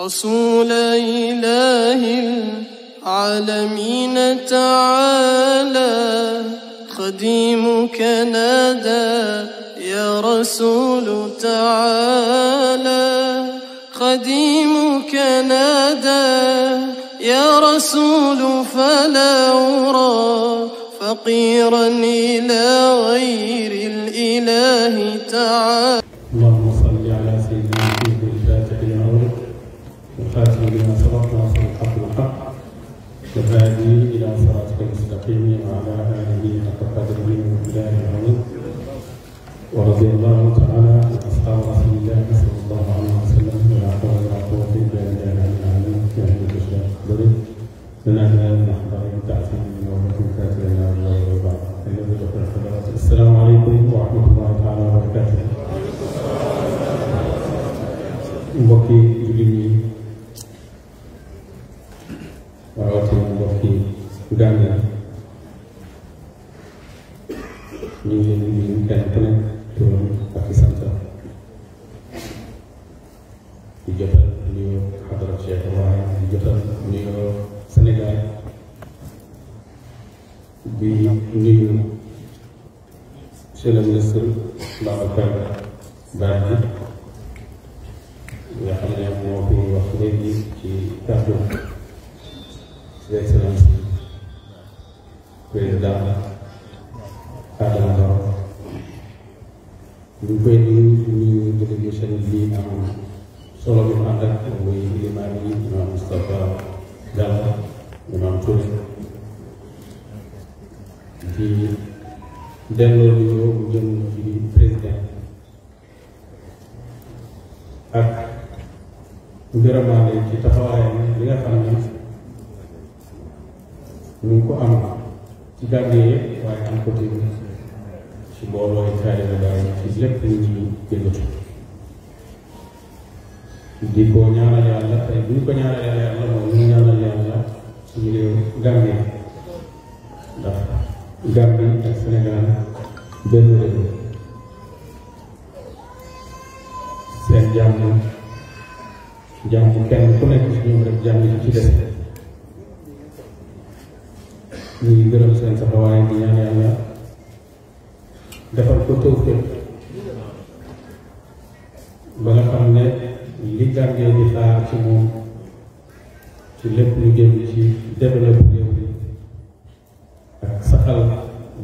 رسول إله العالمين تعالى خديمك نادى يا رسول تعالى خديمك نادى يا رسول فلا أرى فقيرا إلى غير الإله تعالى صراط ناصر الحق والحق والهادي الى صراطك المستقيم وعلى اله حق قدره ومقداره العظيم ورضي الله تعالى عن اصحاب رسول الله صلى الله عليه وسلم ولا حول ولا قوه الا بالله في اهل البشر القدري لنا هذا المحضر تعزيم وبركاته كاتبا الى الله وبعد ايها الاخوه السلام عليكم ورحمه الله تعالى وبركاته وكيل இருபத்தி debbo ñaana yo allah tawi buñ ko ñaanalee yàlla moom ñu ñaanal yàlla suñu réew Gambie ndax Gambie ak Sénégal benn réew seen jàmm jàmm kenn ku nekk ci ñoom rek jàmm ci def ñu ngi gërëm seen taxawaay di ñaan ba nga xam ne li jàngee di xaar ci moom ci lépp lu génn ci développé réew bi ak saxal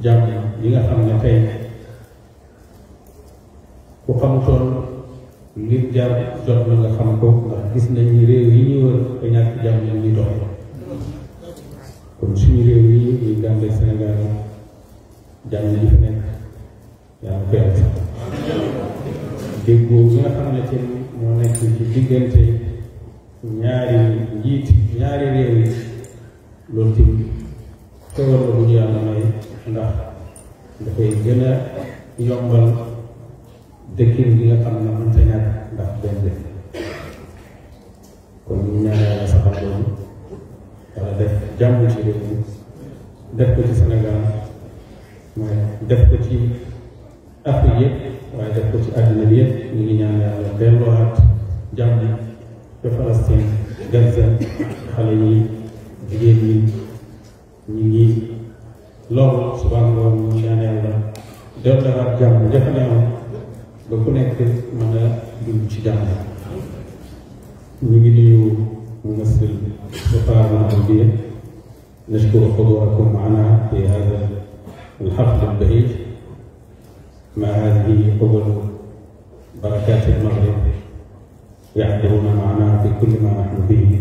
jàmm yi nga xam ne tey ku xamutoon ngir jar jot na nga xam ko ndax gis nañu réew yi ñuy wër te ñàkk jàmm yi ñuy dox kon suñu réew yi ñuy Gambie Sénégal jàmm yi fi nekk yaa ngi koy am déggoo bi nga xam ne moo nekk ci diggante ñaari njiit ñaari réew yi loolu ci teewal la bu ñu yàlla ndax dafay gën a yombal dëkkin bi nga xam ne mënta ndax benn dëkk kon ñu ñaan yàlla saxal loolu def jàmm ci def ko ci Sénégal mooy def ko ci Afrique waaye def ko ci àddina bi yëpp ñu ngi ñaan yàlla delloowaat jàmm ba Palestine Gaza xale yi jigéen ñi ñu ngi loolu subaa ngoon ñu ñaan yàlla delloowaat jàmm jafe ne woon ba ku nekk mën a dund ci jàmm ñu ngi nuyu ممثل القطاع العربية نشكر حضوركم معنا في هذا الحفل البهيج مع هذه قبل بركات المغرب يعطونا معنا في كل ما نحن فيه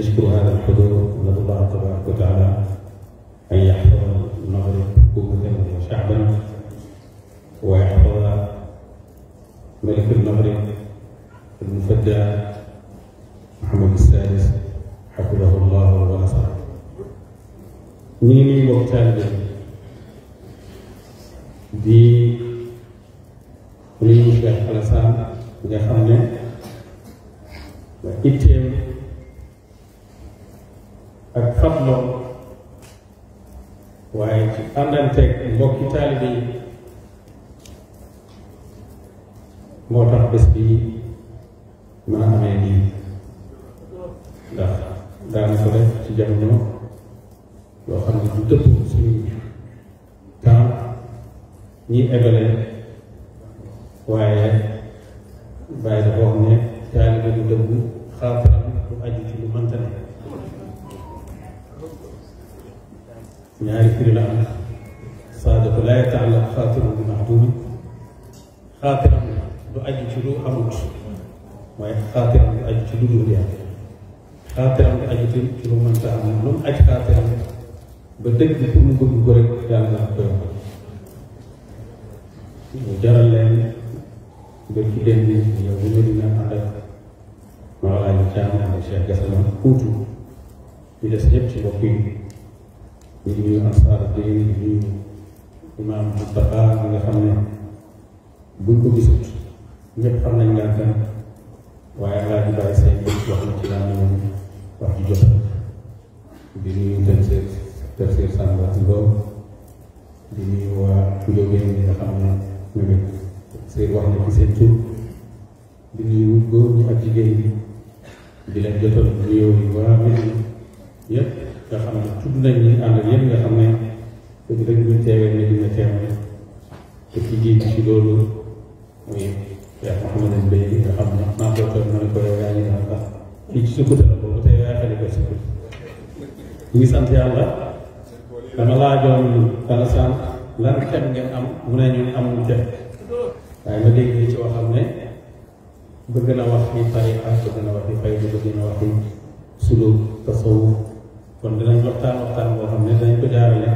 نشكر هذا الحضور من الله تبارك وتعالى أن يحفظ المغرب قوة وشعبا ويحفظ ملك المغرب المفدى محمد السادس حفظه الله ونصره. نيني وقتال di nuyu Cheikh Alassane nga xam ne itteem ak fadloom waaye ci àndanteeg mbokki taalibe yi moo tax bés bi mën a amee nii ndax daana ko def ci jamono loo xam ne du dëpp suñu ñi ébale waaye bàyyi dafa wax ne taalibe bu dëggu xaataram du aju ci lu mënta ne ñaari firi la am saadatu laa yataallaq xaatiram bi maxduumi xaatiram du aju ci lu amut waaye xaatiram du aju ci lu dul yàlla xaatiram du aju ci lu mënta am lu mu aj xaatiram ba dëgg pour mu bëgg ko rek yàlla naa koy wax mu jaral leen ba ñu dina ñu des ñëpp di nga di di di wéwén sëñ wax na ci seen tur di nuyu góor ñi ak jigéen ni di leen jotal ni yi waa Médina yépp nga xam ne tudd nañ ni ànd ak yépp nga xam ne dëgg rek ñu ni ne dina teewee te ci jiitu ci loolu muy yaa Mouhamadou Mbaye bi ni xam ne maa ko toog ma ko yow yaa ngi naan ndax ci sukkuta la boobu tey yaa xale ko sukkuta ni sant yàlla dama laajoon dana sant lan xet kan nga am mu ne ñu ne amul jot waaye nga dégg ci waxam ne bëgg na wax ni bëgg na wax ni fay bëgg na wax ni suluk tasawuf kon dinañ waxtaan waxtaan boo xam ne dañ ko jaarale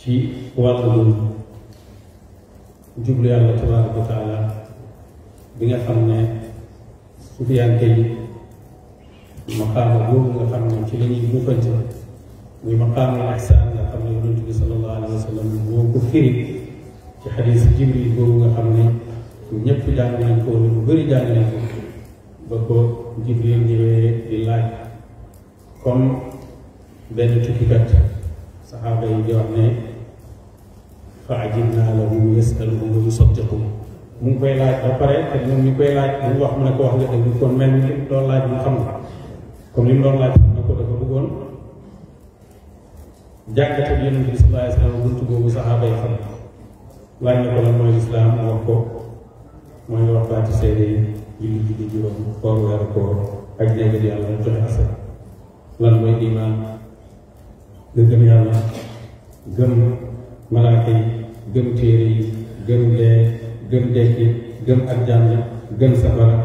ci wàllu jublu yàlla tabaraka wa taala bi nga xam ne sufiyanke yi maqaama boobu nga xam ne ci la ñuy xam ne yonent bi sallallahu alayhi wa sallam moo ko firi ci xadis jibril boobu nga xam ne ñëpp jàng nañ ko lu bëri jàng nañ ba ko jibril ñëwee di laaj comme benn tukkikat saxaaba yi di wax ne fa ajibnaa lahu yasaluhum wa yusaddiqum mu ngi koy laaj ba pare te moom ñu koy laaj mu wax mu ne ko wax nga dëgg kon mel ni loolu laaj mu xam nga comme li mu laaj xam ne ko dafa bëggoon jàngatu yonent bi sallallahu alayhi wa sallam buntu boobu saxaaba yi xam laaj na ko lan mooy lislaam mu wax ko mooy nga wax baati seede yi julli julli juróom koor weeru koor ak jege di yàlla joxe asal lan mooy imaan nga gëm yàlla gëm malaaka yi gëm téere yi gëm dee gëm gëm gëm safara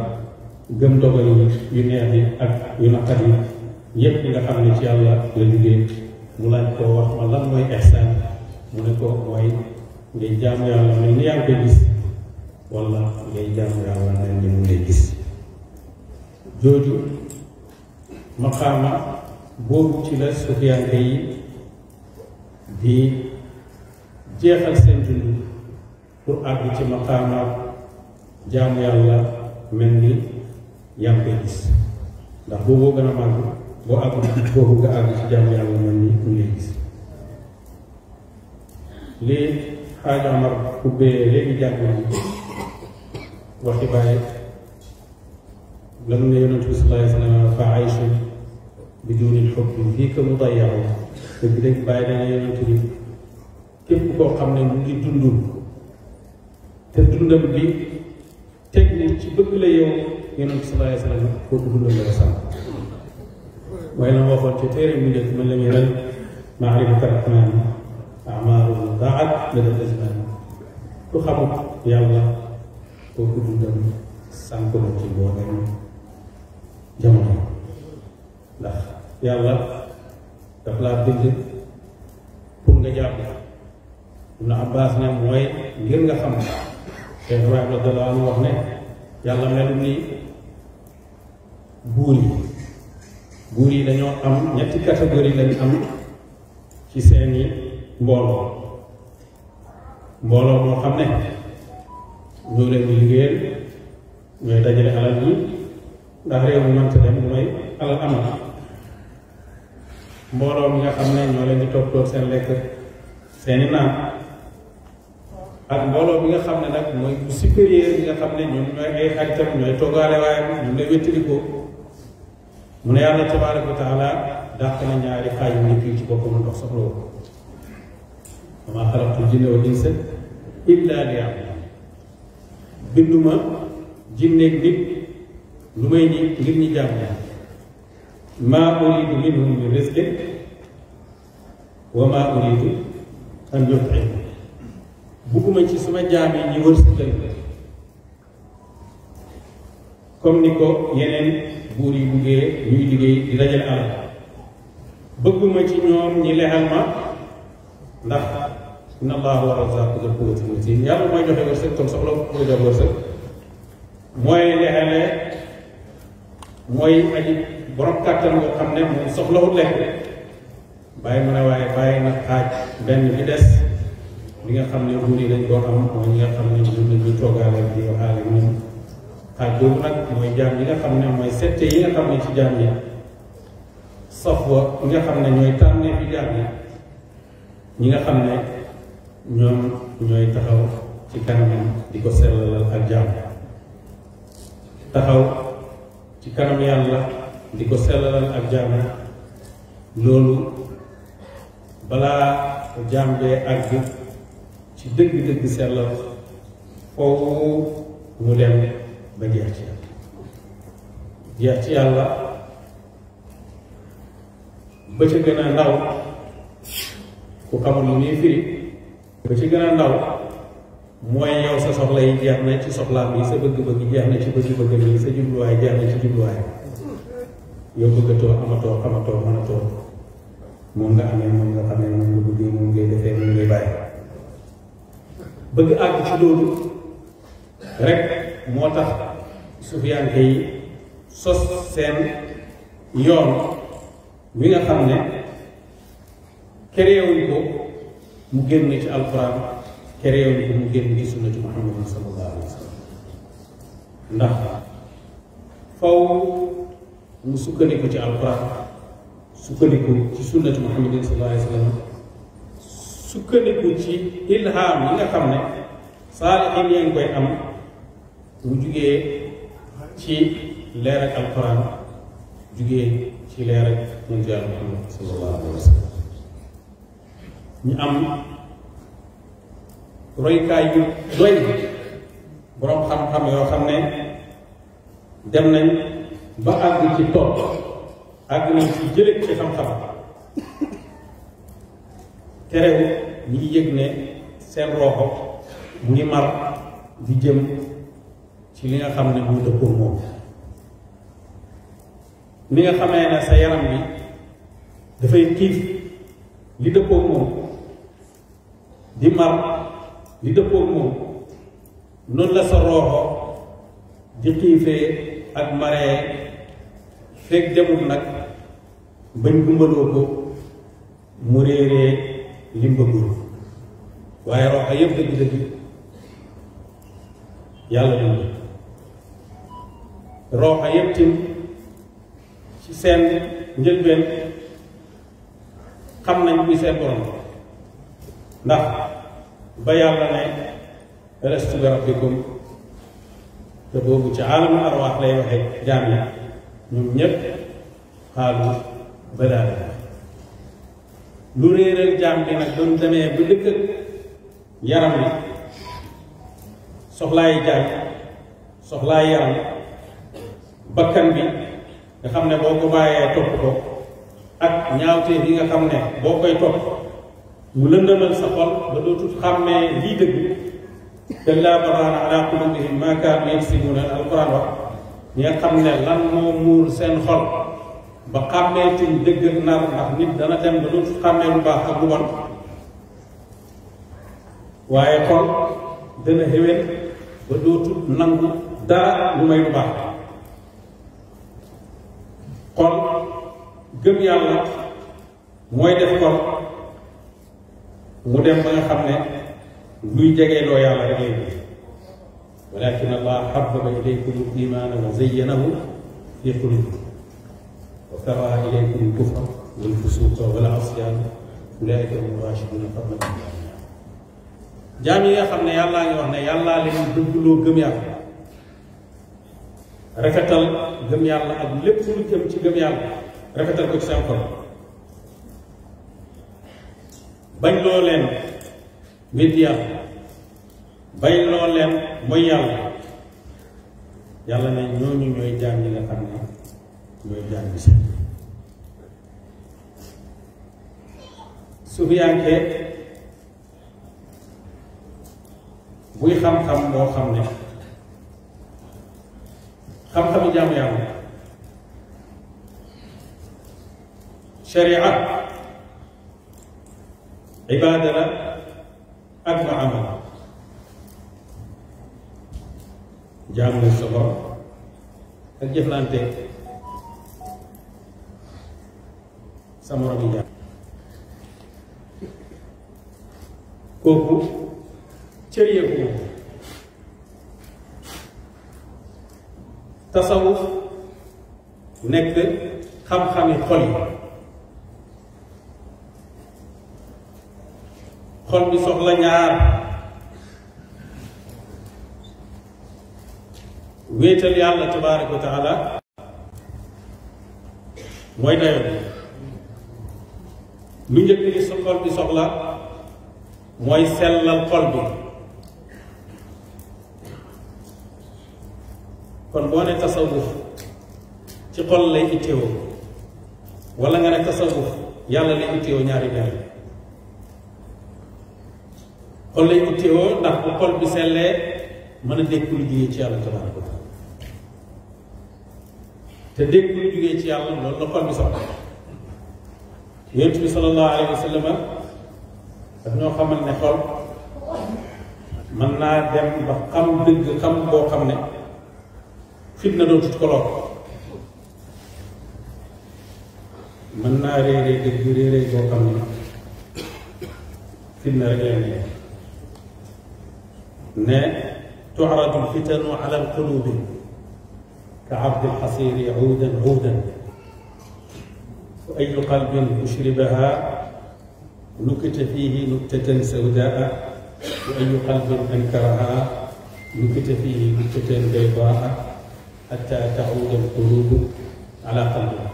gëm dogal yi yu neex yi ak yu yépp nga xam ne ci yàlla la mu laaj ko wax ma lan mooy ihsaan mu ne ko mooy ngay jaam yàlla mel ni yaa ngi koy gis wala ngay jaam yàlla mel ni mu ngay gis jooju maqaama boobu ci la sufiyanke yi di jeexal seen dund pour àgg ci maqaama jaam yàlla mel ni yaa ngi koy gis ndax boobu gën a màgg boo amul foofu nga àgg ci jàmm yàlla man ni ñu lay gis lii xaaja mar ubbee léegi jàmm yi waxi bàyyi lam ne yonent bi sallallahu alayhi wa sallam fa ayshu bi duuni xubbi fii que mu dayaru dëgg dëgg bàyyi dana yonent bi képp koo xam ne mu ngi dundul te dundam bi teg ci bëgg la yow yonent bi sallallahu alayhi wa sallam kooku dundam la sant mooy la ma ci téere mu njëkk man la ñuy ren maarifatu rahmaan amaaru daat lada azmaan ku xamut yàlla kooku dundam sànk na ci booleem nga jàpp Ibn Abbas ne mooy ngir nga xam te Ibrahima radiyallaahu anhu wax ne yàlla mel ni buur yi buur yi dañoo am ñetti catégorie lañ am ci seeni mbooloo mbooloo moo xam ne ñoo leen di liggéeyal ñooy dajale alal yi ndax réew mi mënta dem mooy alal am na mbooloo mi nga xam ne ñoo leen di toppatoo seen lekk seeni naan ak mbooloo bi nga xam ne nag mooy bu supérieur bi nga xam ne ñoom ñooy ay xaritam ñooy toggaale waayam ñoom lay wéttalikoo mu ne yàlla tabaaraka wa taala dàq na ñaari xaaj nit yi ci boppam ndox soxla woo wa maa xalaqtul jinna wal insa illa liya'buduun binduma jinneeg nit lu may ni ngir ñu jàmm maa uriidu minhum min rizqin wa maa uriidu an yut'imuun bugguma ci suma jaam yi ñu wërsëgal comme ni ko yeneen buur yi buggee ñuy liggéey di dajale alal bëgguma ci ñoom ñi lexal ma ndax inna allaha huwa razzaqu dhul quwwati matin yàlla mooy joxe wërsëg kon soxla mooy jox wërsëg mooy lexale mooy aji borom kàttan nga xam ne moom soxlawul lekk bàyyi mën a waaye bàyyi nag xaaj benn bi des li nga xam ne buur yi dañ koo am mooy ñi nga xam ne ñun dañuy toogaale di waxaale ñoom waaye boobu nag mooy jam yi nga xam ne mooy sette yi nga xam ne ci jaam yi safwa yi nga xam ne ñooy fi jaam yi ñi nga xam ne ñoom taxaw ci kanamam di ko sellalal ak jaam taxaw ci kanam yàlla di ko sellalal ak jaam loolu balaa jaam bee àgg ci dëgg-dëgg sellal foofu mu dem ಬಗೆಹರಿಸಿ ಜಾಸ್ತಿ ಅಲ್ಲ ಬಚಗನ ನಾವು ಕುಕಮಲು ನೀಫಿರಿ ಬಚಗನ ನಾವು mooy yow sa soxla yi jeex na ci soxlaa bi sa bëgg-bëgg jeex na ci bëgg-bëgg bi sa jubluwaay jeex na ci jubluwaay yow Munggah amatoo munggah mënatoo moom nga amee moom nga xamee moom nga bëggee moom ngay defee moom ngay bàyyi bëgg àgg ci loolu rek moo sufiyanke yi sos seen yoon wi nga xam ne keréewuñ ko mu génn ci alquran keréewuñ ko mu génn ci sunnati muhammadin sallallahu alayhi wa sallam ndax faw mu sukkandiku ci alquran sukkandiku ci sunnati muhammadin sallallahu alayhi wa sukkandiku ci ilhaam yi nga xam ne saalihin yaa ngi koy am mu jugee ci leer ak alquran ci leer ak mun jaar Muhammad sallallahu alayhi ñu am roykaay yu boroom xam-xam yoo xam ne dem nañ ba àgg ci topp àgg nañ ci jële ci xam-xam terew ñi yëg ne seen roxo ngi mar di jëm ci li nga xam ne moo dëppoo moom ni nga xamee ne sa yaram bi dafay xiif li dëppoo moom di mar li dëppoo moom noonu la sa roxo di xiifee ak maree fekk demul nag bañ gumbaloo ko mu réeree li mbëggul waaye roxo yëpp dëgg-dëgg yàlla dund rooxa yëpp tim ci seen njëlbeen xam nañ kuy seen borom ndax ba yàlla ne restu bi rabbikum te boobu ci aalamu arwaax lay waxe jaam yi ñoom ñëpp xaalu badaale lu réeral jaam bi nag doon demee bu dëkk yaram yi soxlaay jaam soxlaay yaram bakkan bi nga xam ne boo ko bàyyee topp ko ak ñaawtee bi nga xam ne boo koy topp mu lëndëmal sa xol ba dootul xàmmee lii dëgg kallaa bal raana alaa quluubihim maa kaanu yaksibuuna alquran wax ñi nga xam ne lan moo muur seen xol ba xàmmee tuñ dëgg ak nar ndax nit dana dem ba dootul xàmmee lu baax ak lu bon waaye xol dana xéwén ba dootul nangu dara lu may lu baax gëm yàlla mooy def ko mu dem ba nga xam ne luy jegee yàlla rek lay def walakin allah xababa ilaykum al-imaana wa zayyanahu fi qulubikum wa karaha ilaykum al-kufra wa wal-fusuqa wa wal asyan ulaika hum raashiduuna fadlan min allah jaam yi nga xam ne yàllaa ngi wax ne yàllaa leen dëggloo gëm yàlla rafetal gëm yàlla ak lépp lu jëm ci gëm yàlla rafetal ko ci sa xol bañ loo leen weddi yàlla bañ loo leen mooy yàlla yàlla ne ñooñu ñooy jaam yi xam ne ñooy jaam bi seen sufiyanke buy xam-xam boo xam ne xam-xamu jaamu yàlla شريعه عباده أكثر عمل جامع الصبر الجيف لانتي سمر بيا كوكو شريعه تصوف نكت خم خمي خلي xol bi soxla ñaar wéetal yàlla tabaaraka wa taala mooy dayo lu njëkk li sa xol bi soxla mooy sellal xol bi kon boo ne tasawuf ci xol lay itteewoo wala nga ne tasawuf yàlla lay itteewoo ñaari benn xol lay itteewoo ndax bu xol bi sellee mën a dékku lu jugee ci yàlla tabaaraka te dékku lu jugee ci yàlla loolu la xol bi soxla bi sallallahu alayhi wa ñoo xamal ne xol mën naa dem ba xam dëgg xam boo xam ne fitna dootut ko lool mën naa réeree dëgg réeree boo xam ne fitna rek lay nekk ne تعرض الفتن على القلوب كعرض الحصير عودا عودا وأي قلب أشربها نكت فيه نكتة سوداء وأي قلب أنكرها نكت فيه نكتة بيضاء حتى تعود القلوب على قلبها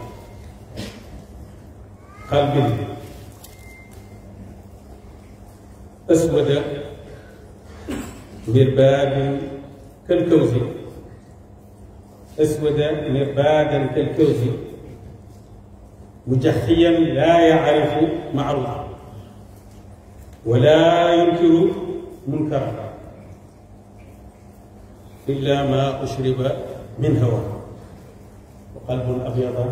قلب أسود مربادا كالكوز أسودا مربادا كالكوز مجحيا لا يعرف معروفا ولا ينكر منكرا إلا ما أشرب من هوى وقلب أبيض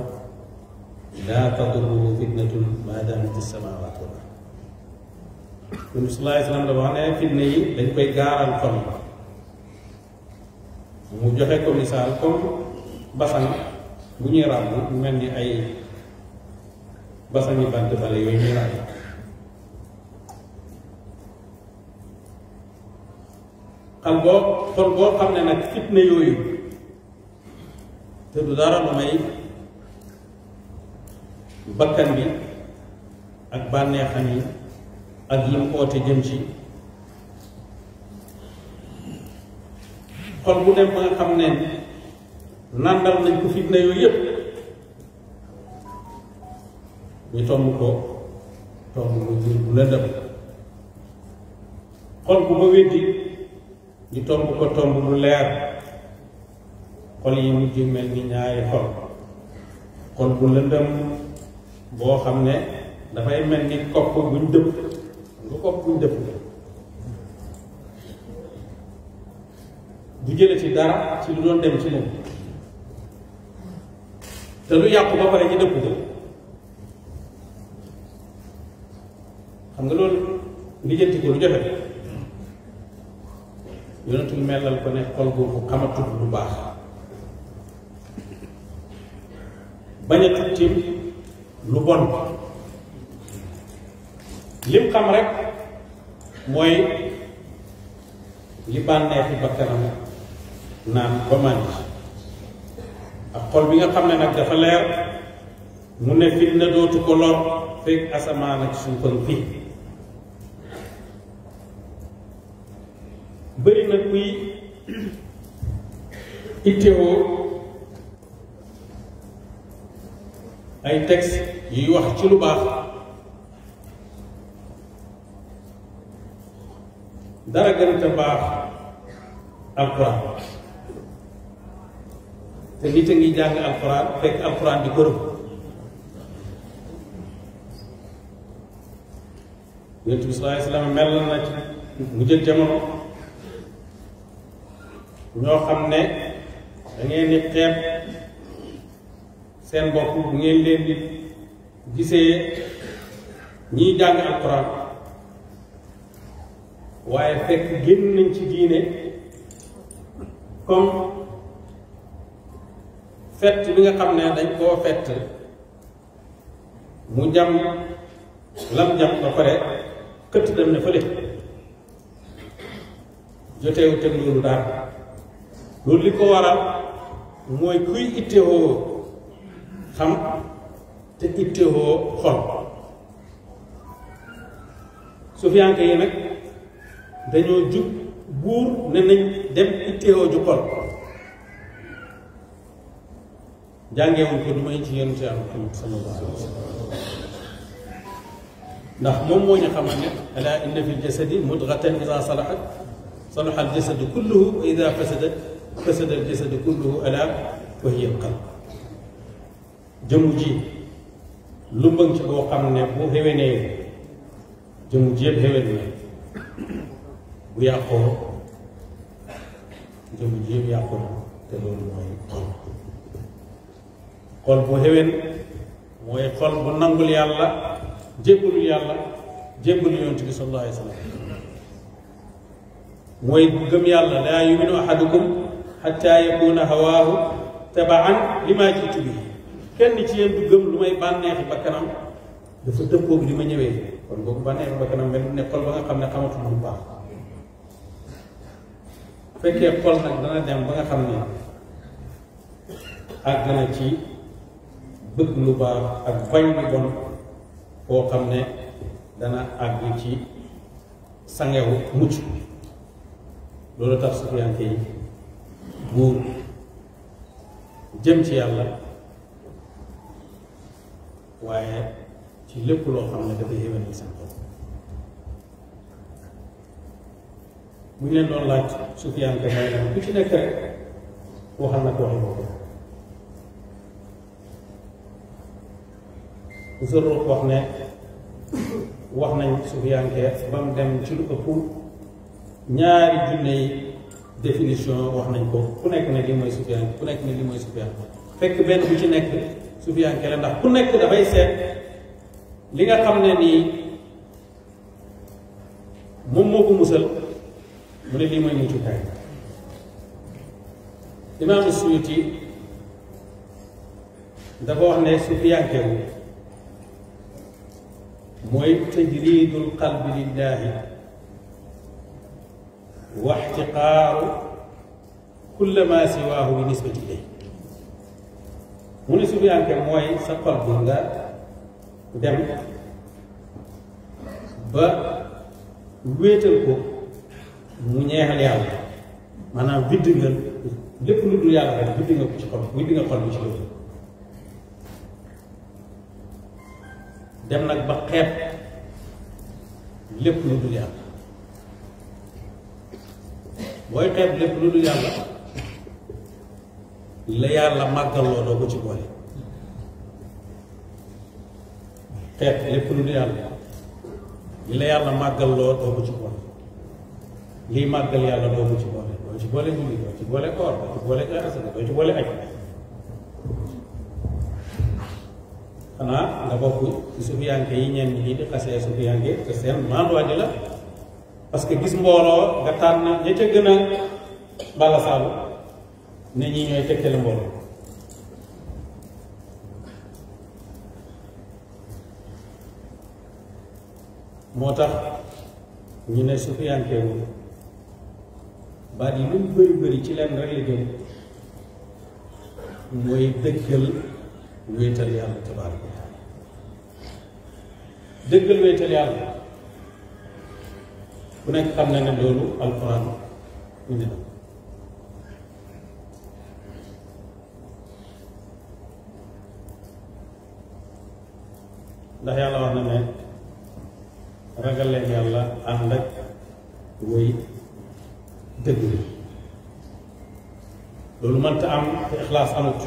لا تضره فتنة ما دامت السماوات والأرض Yonent bi sallallaahu dafa wax ne fitna yi dañ koy gaaral xol mu joxe ko misaal comme basan bu ñuy ràbb mel ni ay basan yi bant bale yooyu ñuy ràbb xal boo xol boo xam ne nag fitna yooyu te du dara lu may bakkan bi ak bànneexam yi ak yim oote jëm ci xol bu dem ba nga xam ne nàndal nañ ko fitna yooyu yëpp ñu tomb ko tomb ko jur bu lëndëm xol bu ma weddi ñu tomb ko tomb bu leer xol yi mujj mel ni ñaari xol xol bu lëndëm boo xam ne dafay mel ni kopp buñ dëpp nga ko kuñ def bu jëlee ci dara ci lu doon dem ci moom te lu yàqu ba pare ñu dëpp ko xam nga loolu lijjanti ko lu jafe yonentu melal ko ne xol boobu xamatul lu baax bañ a tuuti lu bon lim xam rek mooy li bànneexi bakkanam naan ba màndi xol bi nga xam ne nag dafa leer mu ne fitna dootu ko lor fekk asamaan ak suufam fi bëri na kuy itteewoo ay texte yuy wax ci lu baax dara gënta baax alquran te nit a ngi jàng alquran fekk alquran di gërëm yonent bi sallallahu alayhi wa sallam mel na ci mu jël jamono ñoo xam ne da ngeen di xeeb seen bopp bu ngeen leen di gisee ñiy jàng alquran waaye fekk génn nañ ci diine comme fett bi nga xam ne dañ koo fett mu jam lam jam ba këtt dem ne fële joteewu teg loolu daal loolu li ko waral mooy kuy ittewoo xam te ittewoo xol su fiyanke yi nag dañoo jub buur ne nañ dem itteewoo ju xol wuñ ko du may ci yonent Yàlla Muhammad sallallahu alayhi wa sallam ndax moom moo ñu xamal ne ala inna fi jasadi mudgatan ida salaxat salaxa al aljasadu kulluhu wa ida fasada fasada aljasadu kulluhu ala wa hiya alqalb jëmu ji lu mbëng ci boo xam ne bu xewenee jëmu ji yëpp xewen na bu yàqoo jëmm ji yëpp yàqu na te loolu mooy xol xol bu xewén mooy xol bu nangul yàlla jébbalu yàlla jébbalu yonent bi sallallahu alayhi wa sallam mooy gëm yàlla laa yuminu ahadukum xatta yakuna hawaahu tabaan li maa bi kenn ci yéen du gëm lu may bànneexi bakkanam dafa dëppoo mel ne xol ba nga ne lu baax fekkee xol nag dana dem ba nga xam ne àgg na ci bëgg lu baax ak bañ lu bon koo xam ne dana àgg ci sangewu mucc loolu tax sufiyanke yi buur jëm ci yàlla waaye ci lépp loo xam ne dafa yéwén seen xol bu ñu leen doon laaj Sufyaan ko mooy ku ci nekk rek waxal na ko waxi boppam wax ne wax nañ Sufyaan ke ba mu dem ci lu ëpp ñaari junne yi wax nañ ko ku nekk ne li mooy Sufyaan ku nekk ne li mooy Sufyaan fekk benn bu ci nekk Sufyaan ke ndax ku nekk dafay seet li nga xam ne nii moom moo ko musal wala lii mooy mujjukaay imaamu suyuti dafa wax ne su fi yàggewu mooy tajridul qalbi lillahi wa ixtiqaaru kulla ma siwaahu bi nisbati ilay mu ne su fi yàggewu mooy sa xol bi nga dem ba wéetal ko mu ñeexal yàlla maanaam bidd nga lépp lu dul yàlla rek bidd nga ko ci xol bidd nga xol bi ci loolu dem nag ba xeeb lépp lu dul yàlla booy xeeb lépp lu dul yàlla la yàlla màggaloo doo ko ci boole xeeb lépp lu dul yàlla la yàlla màggaloo doo ko ci boole lii màggal yàlla doo ko ci boole doo ci boole julli doo ci boole koor doo ci boole asaka doo ci boole aj xanaa nga bokk ci sufiyanke yi ñenn ñi di xasee sufiyanke te seen maanduwaadi la parce que gis mboro nga tànn ña ca gën bala saabu ne ñi ñooy tekkale mbooloo moo tax ñu ne sufiyanke wu baat yi luñ bëri bëri ci leen rek la jëm mooy dëggal wéetal yàlla tabaaraka wa taala dëggal wéetal yàlla ku nekk xam na ne loolu alquran indi na ndax yàlla wax na ne ragal leen yàlla ànd ak dëgg la loolu mënta am te ixlaas amut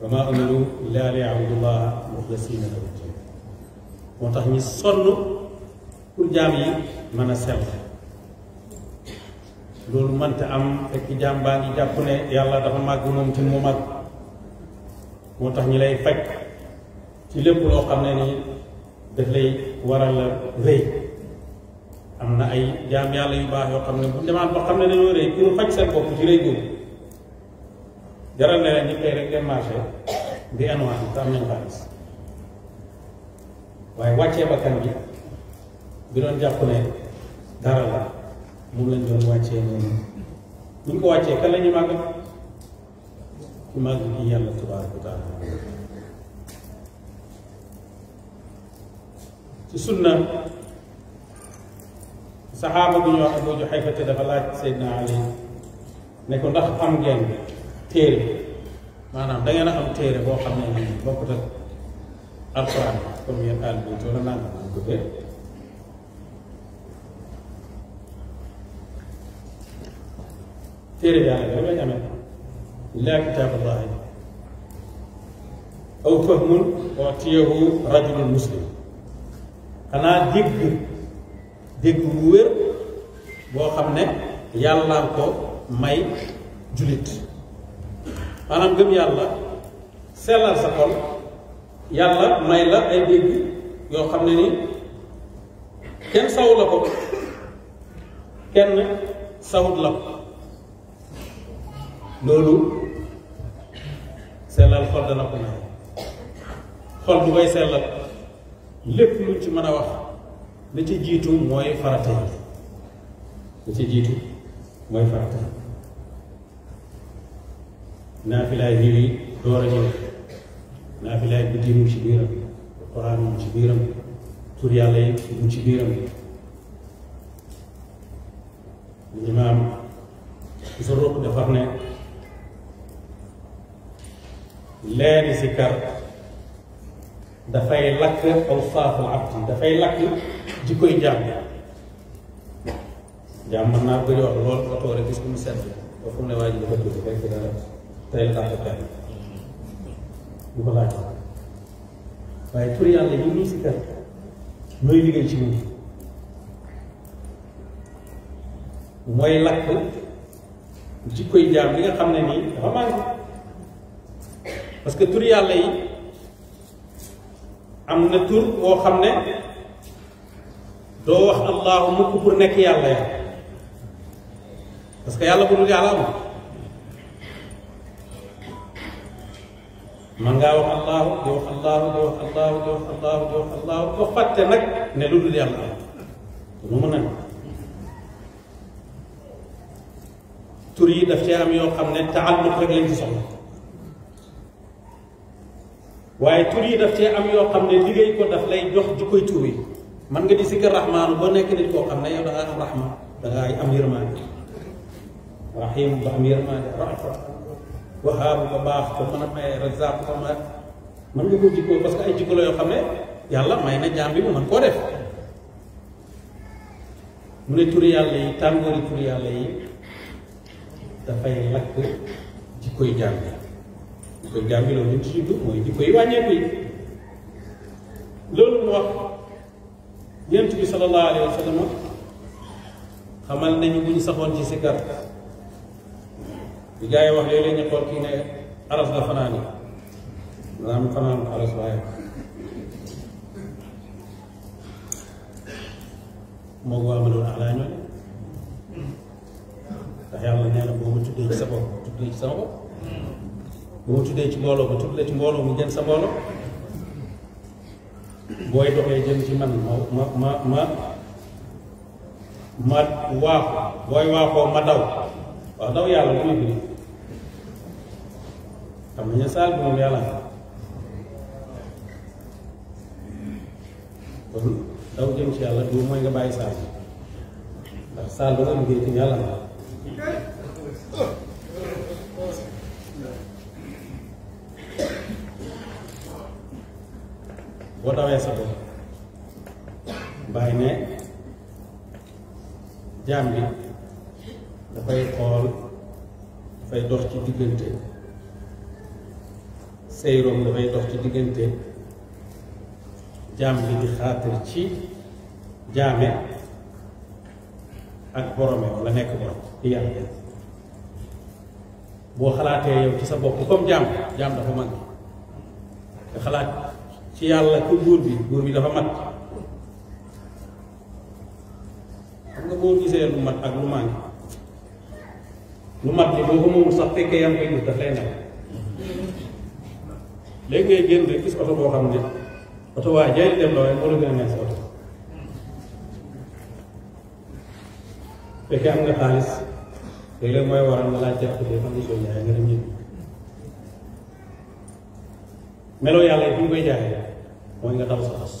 wa maa umiru illaa liya'budullaha muxlisiina lahu diin moo tax ñu pour jaam yi mën a sell loolu mënta am fekk ne dafa ci lay ci ni daf lay waral am na ay jaam yàlla yu baax yoo xam ne bu demaat ba xam ne dañoo rëy pour faj seen bopp ci rëy googu jaral na leen ñu rek dem marché di anuwaan te am nañ xaalis wàccee bi doon jàpp ne dara la moom lañ doon wàccee noonu bu ko wàccee kan la ñuy màggal ci màgg gi yàlla tabaaraka wa taala ci saxaaba bu ñuy wax Abu Juhayfa te dafa laaj Seydina Ali ne ko ndax am ngeen téere maanaam da ngeen a am téere boo xam ne nii bokkut ak alquran comme yéen àll bi wala naan am ko téere téere yàlla yooyu lañ amee laa kitaabullahi aw fahmun watiyahu rajulun muslim xanaa dégg dégg bu wér boo xam ne yàllaa ko may jullit maanaam gëm yàlla sellal sa xol yàlla may la ay dégg yoo xam ne ni kenn sawu la ko kenn sawut la ko loolu sellal xol dana ko may xol bu koy sellal lépp lu ci mën a wax la ci jiitu mooy farata yi la ci jiitu mooy farata yi naafilaay ñëw yi door a ñëw naafilaay guddi mu ci biiram quraan mu ci biiram tur yàlla yi mu ci biiram imaam sa ruq dafa ne leeri si kar dafay lakk awsaaful abdi dafay lakk ji koy jàmm jàmm man naa bëri wax lool nga toog sedd ba fu mu ne waa ji dafa tuuti fekk dara tey làkk benn ko laaj waaye tur yàlla yi ñuy si kër nooy liggéey ci ñun mooy lakk jikkoy jaam li nga xam ne nii dafa manqué parce que tur yàlla yi am na tur boo xam ne دوح الله مكفر نك يلا يا بس كيالله بقول لي علامة من قال الله دوح الله دوح الله دوح الله دوح الله وفتح نك نلول لي الله تنومنا تريد في أمي وقمنا تعلم رجلين صلاة waye turi daf ci am yo xamne ligey ko daf lay jox jikoy tuwi man nga di sikkar rahmaanu boo nekk nit koo xam ne yow da nga am rahma da nga am yërmaande rahim nga am yërmaande rafa wahaabu ko baax ko mën a maye ko ma man nga ko jikkoo parce que ay jikko la yoo xam may na jaam bi mu man koo def mu ne turi yàlla yi tàngoori turi yàlla yi dafay lakk jikkoy jaam bi jikkoy jaam bi loolu ci juddu mooy jikko yi wàññeeku yi loolu mu wax yonent bi sallallahu alayhi wa xamal nañu bu ñu saxoon ci sikar bi gars yi wax léeg-léeg ñu xool kii ne aras la fanaan yi maanaam fanaan aras waaye moo ko amaloon alaa ñoo ndax yàlla nee na boo ma tuddee ci sa bopp tuddee ci sama bopp tuddee ci mbooloo ma tuddee ci mbooloo mu gën sa mbooloo booy doxee jëm ci man ma ma ma ma ma waaxu booy waaxoo ma daw waaw daw yàlla lu muy firi xam nga ne saal bi moom yàlla kon daw jëm ci yàlla du mooy nga bàyyi saal bi ndax saal ci yàlla boo dawee sa bopp bàyyi ne jaam bi dafay xool dafay dox ci diggante seyroom dafay dox ci diggante jaam bi di xaatir ci jaame ak borome wala nekk borom di boo xalaatee yow ci sa bopp comme jaam jaam dafa mën nga xalaat ci yàlla ku góor bi góor bi dafa mat xam nga boo gisee lu mat ak lu manqué lu mat bi boo ko moomul sax fekkee yaa ngi gis daf lay naw génn rek gis oto boo xam ne oto waa jaay dem la waaye moo la gën a neex am nga xaalis léeg-léeg mooy waral nga laaj yàlla yi fi mu koy jaayee mooy nga daw sa fas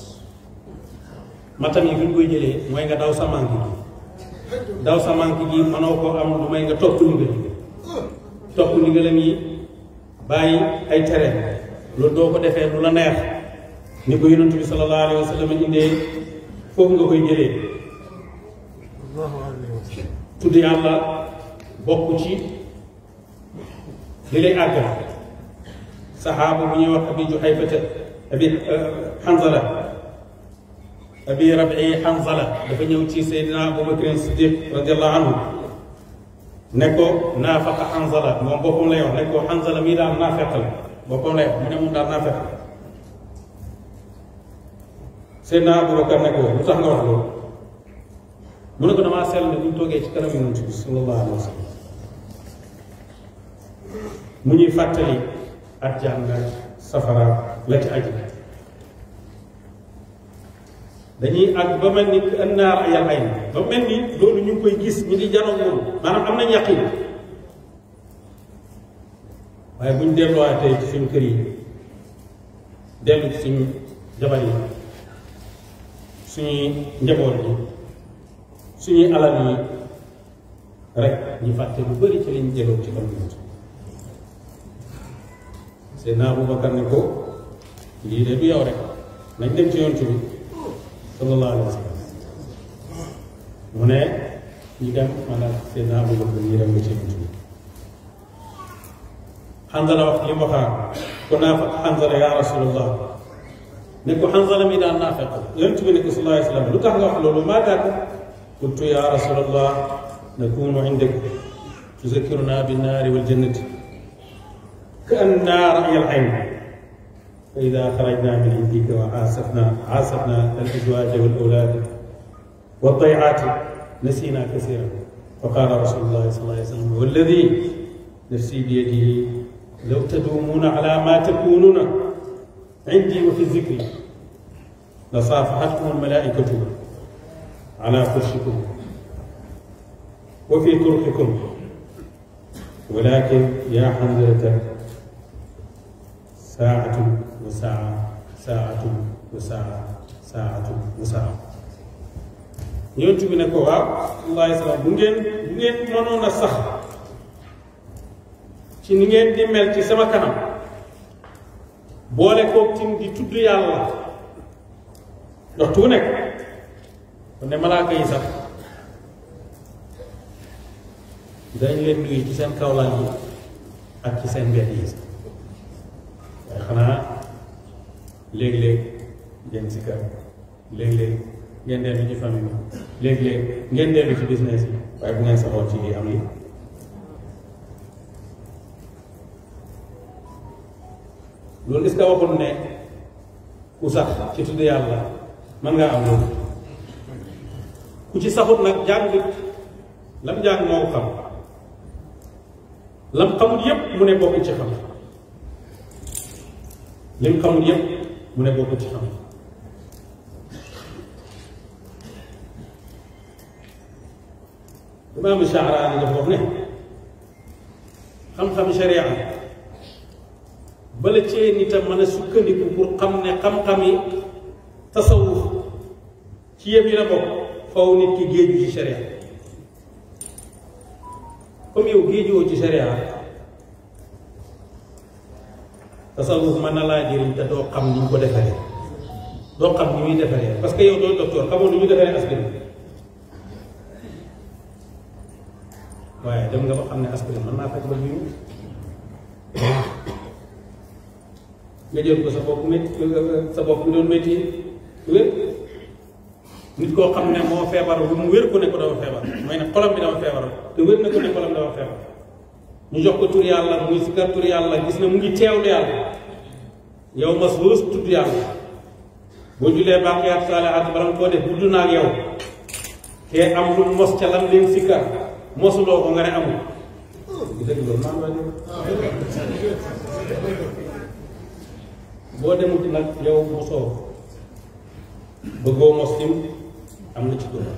matam yi fi ñu koy jëlee mooy nga daw sa manque gi daw sa manque gi mënoo koo am lu may nga topp ndigal yi topp ndigalam yi bàyyi ay tere loolu doo ko defee lu la neex ni ko yonent bi sallallahu alayhi wa sallam indee foofu nga koy jëlee tudd yàlla bokk ci li lay àggal saxaaba bu ñuy wax abi ju xayfata abi xanzala euh, abi rabii xanzala dafa ñëw ci seydina abubakrin siddiq radiallahu anhu ne ko naafaqa xanzala moom boppam la yow ne ko daal naafeq la boppam la yow mu ko damaa seetlu ne bu ñu toogee ci kanam yonent bi sallallahu mu ñuy fàttali ak safara la ci aju dañuy ak ba mel ni annaar ay ay ba mel ni loolu ñu koy gis ñu ngi janoog moom maanaam am nañ yaqin waaye bu ñu delluwaatee ci suñu kër yi dellu ci suñu jabar yi suñuy njaboot yi suñuy alal yi rek ñu fàtte lu bari ci liñ jëloon ci kon seen naa Abubakar ne ko lii de du yow rek nañ dem ci yonent bi sallallahu alayhi wa sallam mu ne ñu dem maanaam seen naa bëgg ñu dem ba ci yonent bi xanzala wax li mu waxaat ku naa fa xanzala yaa rasulallah ne ko xanzala mi daan naa fekk yonent bi ne ko sallallahu alayhi wa sallam lu tax nga wax loolu maa dàkk قلت يا رسول الله نكون عندك تذكرنا بالنار والجنة كأن رأي العين فإذا خرجنا من عندك وعاصفنا عاصفنا الأزواج والأولاد والضيعات نسينا كثيرا فقال رسول الله صلى الله عليه وسلم والذي نفسي بيده لو تدومون على ما تكونون عندي وفي الذكر لصافحتكم الملائكة على فرشكم وفي طرقكم ولكن يا حمزة saatu wa saa saatu wa saa saatu wa saa yonent bi ne ko waaw wallaahi salaam bu ngeen bu ngeen mënoon a sax ci ni ngeen di mel ci sama kanam boole koog tim di tudd yàlla waxtu wu nekk kon ne malaaka yi sax dañ leen nuyu ci seen kawlaal yi ak ci seen mbedd yi xanaa léeg-léeg ngeen si kër léeg-léeg ngeen dellu ci famille léeg-léeg ngeen dellu ci business yi waaye bu ngeen saxoo ci lii am lii loolu est-ce que ne ku sax ci tudd yàlla mën ngaa am loolu ku ci saxut nag jàngut lam jàng moo xam lam xamut yépp mu ne bokk ci xam li mu xamul yëpp mu ne bokk ci xam imaamu Sha'raani dafa wax ne xam-xam sharia bala cee nit a mën a sukkandiku pour xam ne xam-xam yi tasawuf ci yëpp yi la bokk faw nit ki géeju ci sharia comme yow géejoo ci sharia tasawuf mën na laa jëriñ te doo xam ni ko defaree doo xam ni muy defaree parce que yow doo docteur xamoo ni ñu aspirin waaye dem nga ba xam aspirin mën naa faj ba ñu nga jël ko sa bopp métti sa bopp bi doon nit koo xam ne moo feebar mu wér ko ne ko dama feebar mooy ne xolam bi dama feebar te wér na ko ne xolam dama ñu jox ko muy sikar gis na mu ngi yow ma suus tudd yàlla boo julee baaqiyaat saalihaat bala nga koo def tudd naa ak kee am lu mos ca lam leen sikkar mosuloo ko nga ne amul boo demut nag yow mosoo bëggoo mos tim am na ci duma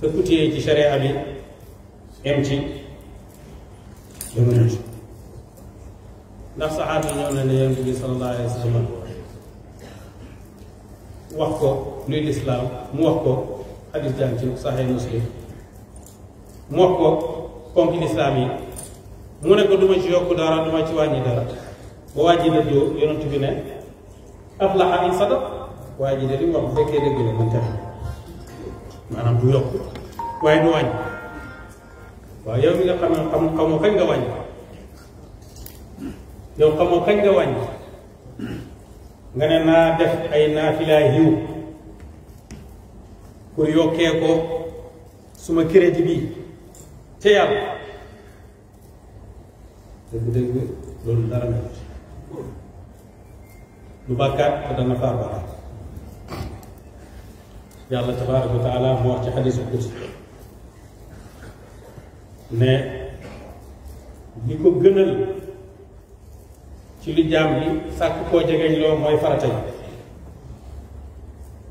te ku téye ci sharia bi em ci dama ndax saxaaba ñëw na ne yonent bi sallallahu alayhi wa sallam wax ko luy lislaam mu wax ko xadis jàng ci saxee muslim mu wax ko ponk lislaam yi mu ne ko duma ci yokk dara duma ci wàññi dara ba waa ji dëddoo yonent bi ne aflaha in sadaq waa ji de li wax fekkee dëgg la man tamit maanaam du yokk waaye du wàññi waaye yow mi nga xam ne xam xamoo kañ nga wàññi yow xamoo kañ nga wàññi nga ne naa def ay naafila yiw pour yokkee ko suma crédit bi ca yàlla dëgg-dëgg loolu dara na lu bàkkaat te dana faar baax yàlla tabaaraka wa moo wax ci xadiisu kursi ne li ko gënal ci li jaam bi sàkk koo jegeñ loo mooy farata yi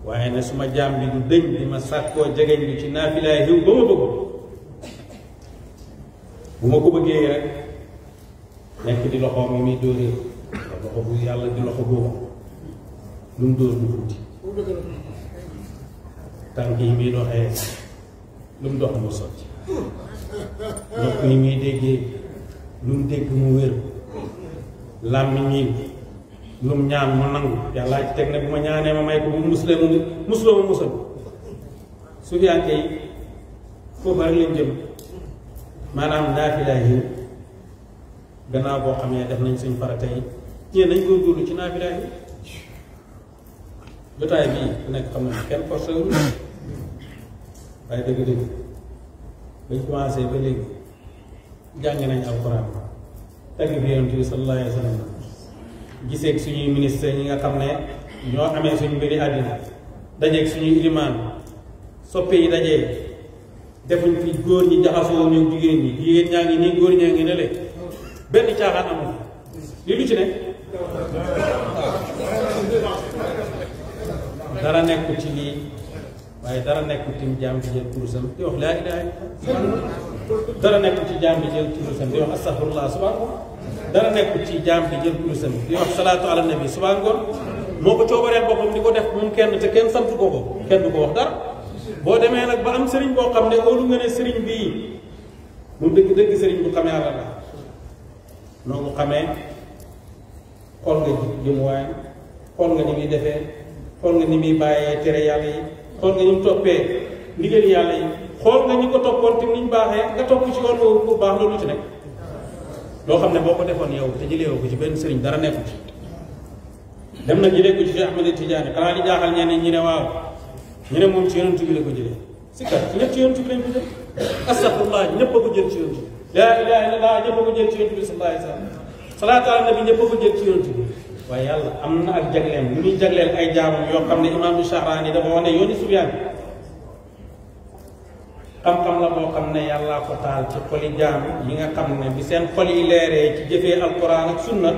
waaye ne suma jaam bi du dëñ di ma sàkk koo jegeñ bi ci naafilaay xiw ba ma bu ma ko bëggee rek nekk di loxoom yi muy lu mu dóor yi mu dox mu sotti nopp yi muy déggee lu mu dégg mu wér làmmiñ yi lu mu ñaan mu nangu yàllaa ci teg ne bu ma ñaanee ma may ko bu muslee mu musloo ma musal su fi ànkee yi foofu rek lañ maanaam naafilaay yi gannaaw boo xamee def nañ suñ farata yi ñee nañ góorgóorlu ci naafilaay yi jotaay bii ku nekk xam nañ kenn forcé dëgg-dëgg bañ commencé ba léegi jàng nañ alxuraan tagg bi yonent bi sallallahu alayhi wa sallam giseeg suñuy ministre ñi nga xam ne ñoo amee suñu mbiri àddina dajeeg suñuy ilimaan soppe yi dajee defuñ fi góor ñi jaxasoo ñu jigéen ñi jigéen ñaa ngi nii góor ñaa ngi ne le benn caaxaan amul li lu ci ne dara nekku ci lii waaye dara nekku tim jaam bi jël kurusam di wax laa dara nekkul ci jaam bi jël kurusam di wax astaghfirullah suba ngoon dara nekkul ci jaam bi jël kurusam di wax salaatu ala nabi suba ngoon moo ko coobareel boppam di ko def moom kenn te kenn sant ko ko kenn du ko wax dara boo demee nag ba am sëriñ boo xam ne óolu nga ne sëriñ bii moom dëgg dëgg sëriñ bu xamee àlla la noo ko xamee xool nga jumuwaay xool nga ni defee xool nga ni muy bàyyee tere yàlla yi xool nga ni mu toppee ndigal yàlla yi xool nga ñi ko toppoon te niñ baaxee nga topp ci yoon boobu pour baax loolu ci nekk loo xam ne boo ko defoon yow te jëleewoo ko ci benn sëriñ dara nekku ci dem na jëlee ko ci Cheikh Ahmed Tidiane balaa di jaaxal ñeneen ñi ne waaw ñu ne moom ci yonent bi la ko jëlee si kat ñëpp ci yonent bi lañ ko jël astafurlah ñëpp a ko jël ci yonent bi a ko jël ci yonent bi sallallahu alayhi wa sallam ñëpp a ko jël ci yonent bi waaye yàlla am na ak jagleem ñu muy jagleel ay jaamam yoo xam ne imam bi Shahraani dafa wax ne yooni subiyaan xam-xam la boo xam ne yàllaa ko taal ci xoli jaam yi nga xam ne bi seen xol yi leeree ci jëfee alquran ak sunna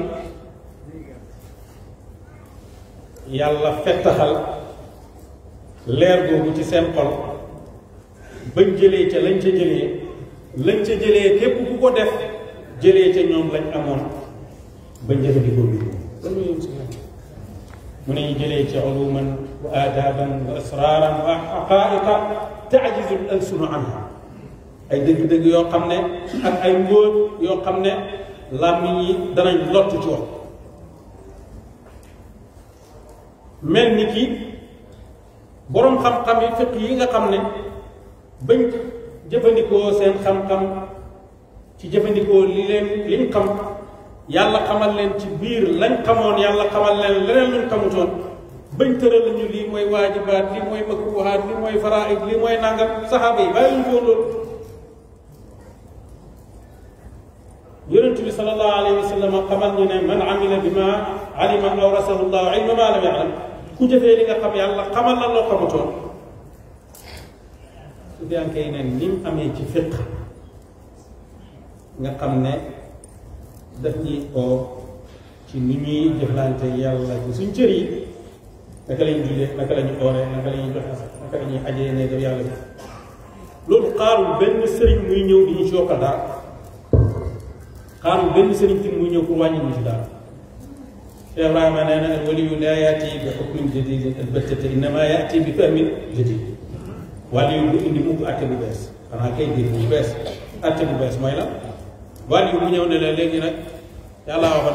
yalla fettaxal leer gogu ci seen xol bañ jëlee ca lañ ca jëlee lañ ca jëlee képp ku ko def jëlee ca ñoom lañ amoon bañ jëfandikoo bi mu ne ñu jëlee ci uluman wa adaban wa asraran wa xaqaiqa تعجز الألسن عنها أي دق دق يو قمنا أي مود يو قمنا لا مني دنا يلوت جوا من نكي برم خم قمي فقيه قمنا بنت جبنيكو سين خم خم ci jëfandikoo li leen liñ xam yàlla xamal leen ci biir lañ xamoon yàlla xamal leen leneen bañ tëral ñu lii mooy waajibaat lii mooy makruhaat lii mooy faraid lii mooy nangam saxaaba yi bàyyi ñu ko loolu yonent bi sallallahu alayhi wa sallam ku jëfee li nga xam yàlla xamal la loo xamutoon su dee ne ni mu amee ci fiq nga xam ne daf ñuy oo ci ni ñuy jëflante yàlla ci suñ cër yi naka la ñuy naka la ñuy naka la joxe naka la ñuy ajee ne daf yàlla def loolu xaarul benn sëriñ muy ñëw di ñu ci yokkal daal xaarul benn sëriñ tin muy ñëw pour wàññi ñu daal Cheikh Ibrahima nee bi xukmin jadidin ne la léegi nag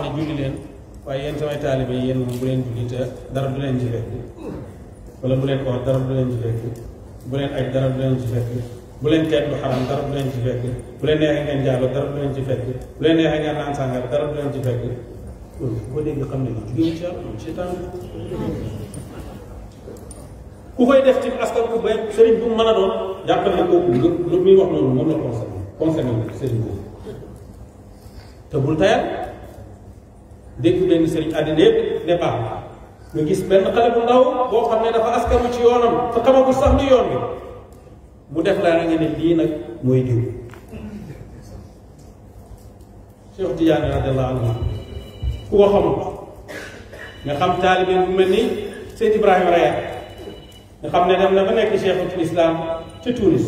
ne julli leen waaye yéen samay taalibe yéen moom bu leen julli te dara du leen ci fekk wala bu leen koor dara du leen ci fekk bu leen aj dara du leen ci fekk bu leen teg lu xaram dara du leen ci fekk bu leen neexee ngeen jàll dara du leen ci fekk bu leen neexee ngeen naan sàngara dara du leen ci fekk boo dégg xam ne lii ci seytaan ku koy def ci askan bu bay sëriñ bu mën a doon kooku lu muy wax noonu moom la concerné concerné sëriñ dégg benn sëriñ àddina yëpp nga gis benn xale bu ndaw boo xam ne dafa askanu ci yoonam te xamagul sax ni yoon bi mu def laa nga ne lii nag mooy diw Cheikh Tidiane radiallahu nga xam taalibe bu mel ni Seyd Ibrahima Raya nga ne dem na ba nekk cheikhul islam ci Tunis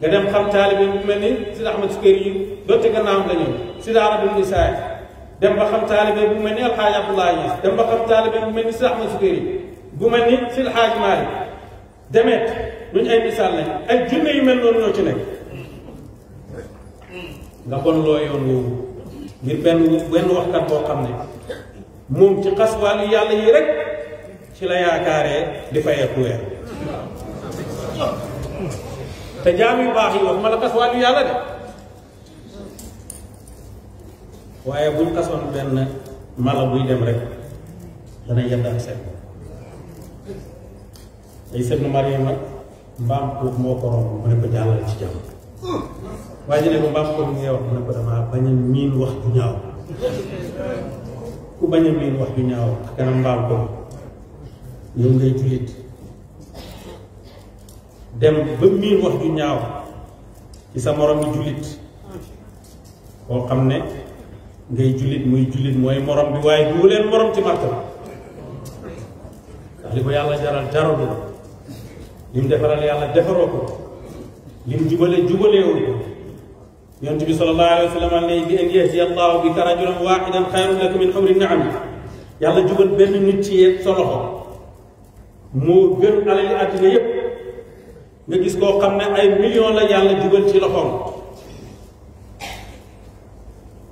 nga dem xam taalibe bu mel ni si Ahmed Sukeri yu doonte gannaawam la ñëw Sidi Arabul Nisaa dem ba xam talibé bu melni al alxaaj abdullah yi dem ba xam talibé bu melni sheikh ahmed Ahmad bu melni ni si alxaaj Maalik demet duñ ay misal lañ ay jinné yu mel non ñoo ci nek nga bon lo yoon woowu ngir ben ben wax boo bo xamné mom ci xas wàllu yàlla yi rek ci la yaakaaree di fay ak weer te jaam baax yi wax ma la xas wàllu yàlla de waaye bu ñu kasoon benn mala buy dem rek dana yedd ak seet ay seet nu Mariama mbaam xuux moo ko romb mu ne ko jàllal ci jàmm waa ji ne ko mbaam xuux ngay wax mu ne ko damaa bañ a wax ñaaw ku bañ wax ñaaw ak ngay dem ba min wax ju ñaaw ci sa morom yi ne ngay jullit muy jullit mooy morom bi waaye bu leen morom ci martaba ndax li ko yàlla jaral jaralu la li mu defaral yàlla defaroo ko li mu jubale jubaleewul ko yonent bi bi an yahdi allahu bika rajulan wahidan xayrun laka min xawri naam sa loxo moo gën alali àddina yépp nga gis koo xam ne ay million la yàlla jubal ci loxoom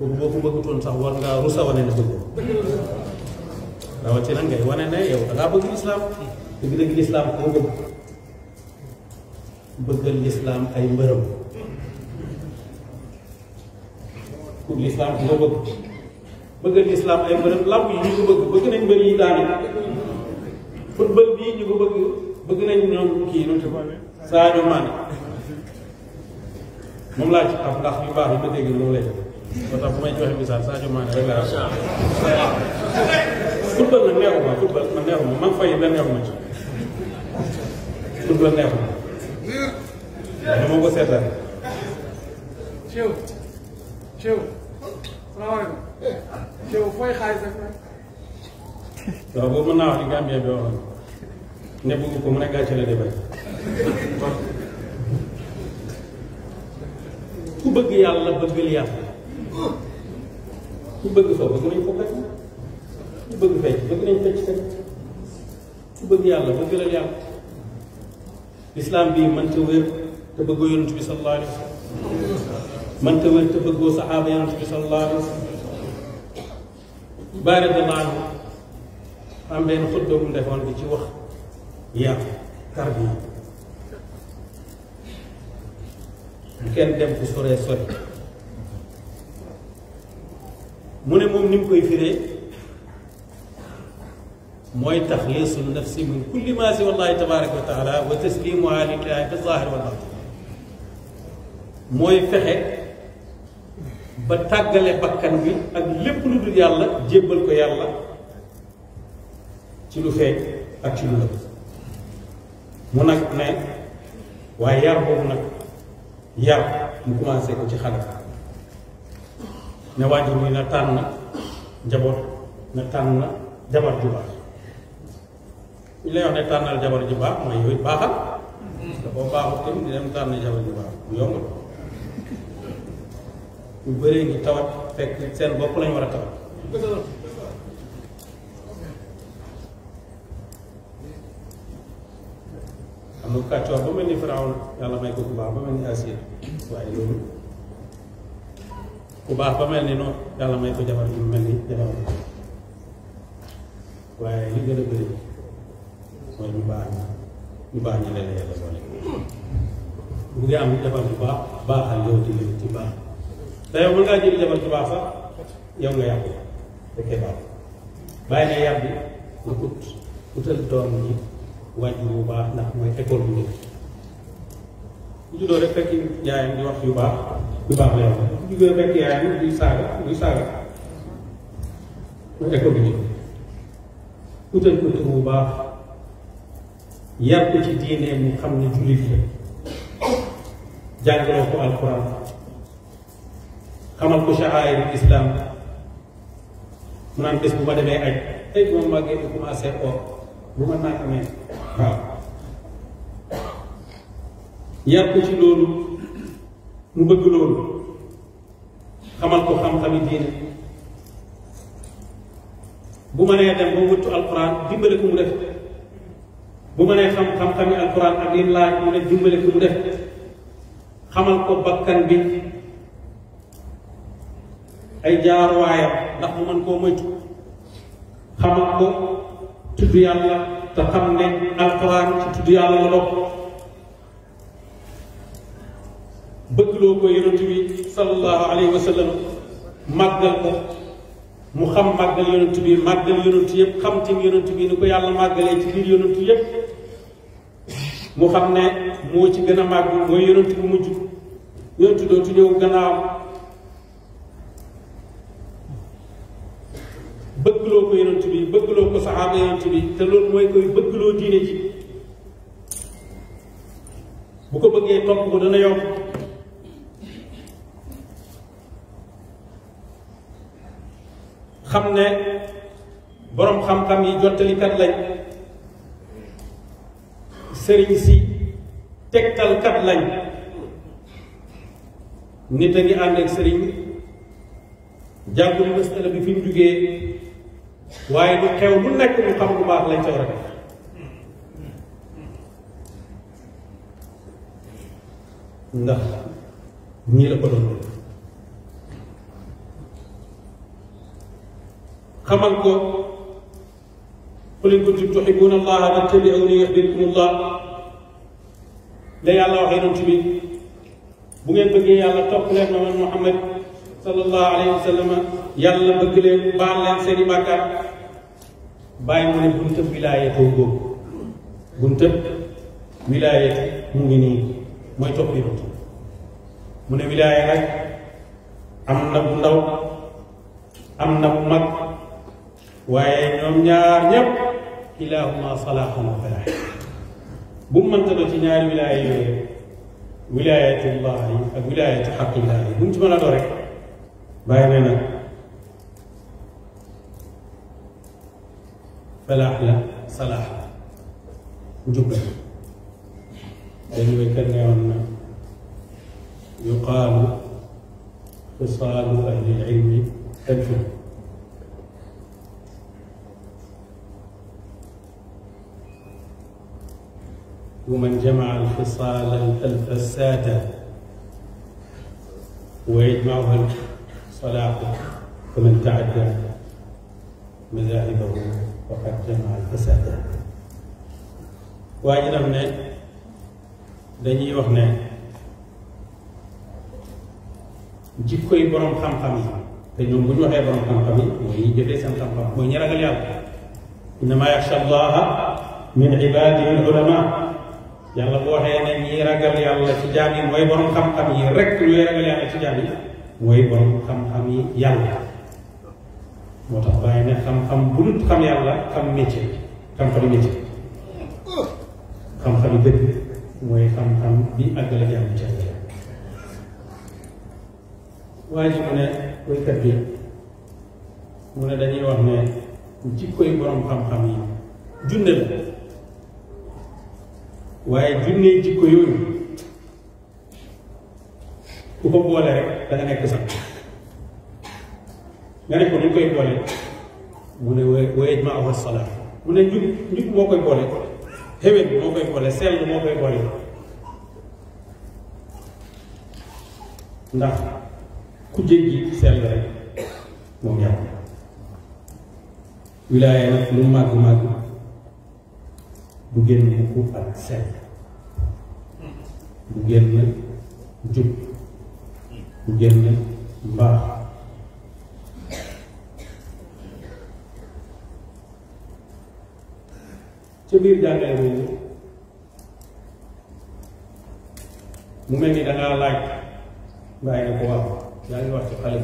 kooku boo ko bëggutoon sax war ngaa rus a wane ne bëggoo rawatina ngay wane ne yow da ngaa bëgg lislaam dëgg-dëgg lislaam koo Islam bëggal lislaam ay mbërëm pour lislaam ko bëgg bëggal lislaam ay mbërëm làmb yi ñu ko bëgg bëgg nañ mbër football bii ñu ko bëgg bëgg nañ ñoom ci xam ndax yu baax lay def moo tax joxe misaal Sadio Mané rek laa football nag neexu ma football man neexu ma man fay la neexu ma ci football neexu ma waaye dama ko ne bugg ko la di ku bëgg yàlla bëggal yàlla ñu bëgg soo bëgg nañ ko fekk ñu bëgg fecc bëgg nañ fecc fekk ñu bëgg yàlla bëgg la yàlla lislaam bii man te wér te bëggoo yonent bi saxaaba yonent bi sallallahu alayhi wa sallam baare dalaan am benn xutba defoon bi ci wax yar tarbiya bu kenn dem ku soree sori mu ne moom ni mu koy firee mooy taxliisul nafsi min kulli maa si wallaahi tabaaraka wa taala wa taslimuha lillaahi fi zaahir wal baatin mooy fexe ba tàggale bakkan bi ak lépp lu dul yàlla jébbal ko yàlla ci lu feeñ ak ci lu la mu nag ne waaye yar boobu nag yar mu commencé ko ci xale ne waajur wi na tànn jabot na tànn jabar ju baax ñu lay wax ne tànnal jabar ju baax mooy yooyu baaxal da koo baaxut tamit di dem tànn jabar ju baax bu yomb la ñu bëree ngi tawat fekk seen bopp lañ war tawat am na kàccoor ba Firawn yàlla may ko bu baax ba mel ni Asiya waaye bu baax ba mel ni noonu yàlla may ko jabar ju mel ni jabar waaye li gën a bëri mooy ñu baax ñi bu am jabar bu baax baaxal yow di leen ci baax te yow mën ngaa jël jabar bu baax sax yow nga yàqu fekkee baax bàyyi na yàbbi nga ut utal doom yi wàññi bu baax ndax mooy école bu njëkk juddoo rek fekk njaayam di wax yu baax lu baax la bu jugee rek yaayam luy saaga baax yar ko ci diine mu xam ne jullit la jàngaloo ko alquran xamal ko sha'airul islam mu naan bés bu ma demee aj ay bu ma màggee or bu ma naa amee waaw yar ko ci loolu mu bëgg loolu xamal ko xam-xami diine bu ma nee dem ba wëttu alquran dimbale ko mu def bu ma nee xam xam-xami alquran ak lim laaj mu ne dimbale ko mu def xamal ko bakkan bi ay jaaruwaayam ndax mu mën koo moytu xamal ko tudd yàlla te xam ne alquran ci tudd yàlla la bëggloo ko yonent bi sallallahu wa sallam màggal ko mu xam màggal yonent bi màggal yonent yëpp xam tim yonent bi ni ko yàlla màggalee ci biir yonent yëpp mu xam ne moo ci gën a màgg mooy yonent bu mujj yonent dootu ñëw gannaaw bëggloo ko yonent bi bëggloo ko saxaaba yonent bi te loolu mooy koy bëggloo diine ji bu ko bëggee topp ko dana yomb xam ne boroom xam-xam yi jottalikat lañ sëriñ si tegtalkat lañ nit a ngi ànd ak sëriñ jàngul masala bi fi mu jugee waaye du xew lu nekk mu xam lu baax lañ ca war a ndax ñii la ko doon كمان كو لك إن كنتم تحبون لك فاتبعوني يحببكم الله لك يا الله خير لك بعدين بقي يا الله توكل لك محمد صلى الله عليه وسلم يا الله بقي بالله سني بكا باي من لك بلاية توجو بنت بلاية مغني ما يتوبين أنتم من لك أمنا بنداو أمنا بمك أم ويوم نار يب إلهما صلاح وفلاح بم من تدتنا الولاية ولاية الله ولاية حق الله بنت من أدرك بايننا فلاح لا صلاح جبل أيوة يقال خصال أهل العلم تنفذ ومن جمع الخصال الفساتة ويجمعها صلاحه فمن تعدى مذاهبه فقد جمع الفساد واجنا هنا دنيي وخنا جيكوي بروم خام خام تي نيوم بو نوخي بروم خام خام موي جيبي سان خام خام موي انما يخشى الله من عباده العلماء yàlla boo waxee ne ñii ragal yàlla ci jaam mooy borom xam-xam yi rek ñuy ragal yàlla ci jaam mooy borom xam-xam yi yàlla moo tax bàyyi ne xam-xam bu dul xam xam métier xam-xam métier xam-xam yi dëgg mooy xam-xam bi àggale jàmm ci yàlla waaye ji mu ne waykat bi mu ne dañuy wax ne jikkoy borom xam-xam yi junne la waaye junnee jikko yooyu ku ko boole rek da nga nekk sax nga ne nu koy boole mu ne wa wa ijmaa wa mu ne njub njub moo koy boole xewet bi moo koy boole sell moo koy boole ndax ku jéggi sell rek moom yàqu wilaaya lu màgg màgg buggeen nañ ko ak xel buggeen na jub buggeen na mbaax ci biir jàngale boobu mu mel da ngaa laaj bàyyi nga ko wax wax ci xale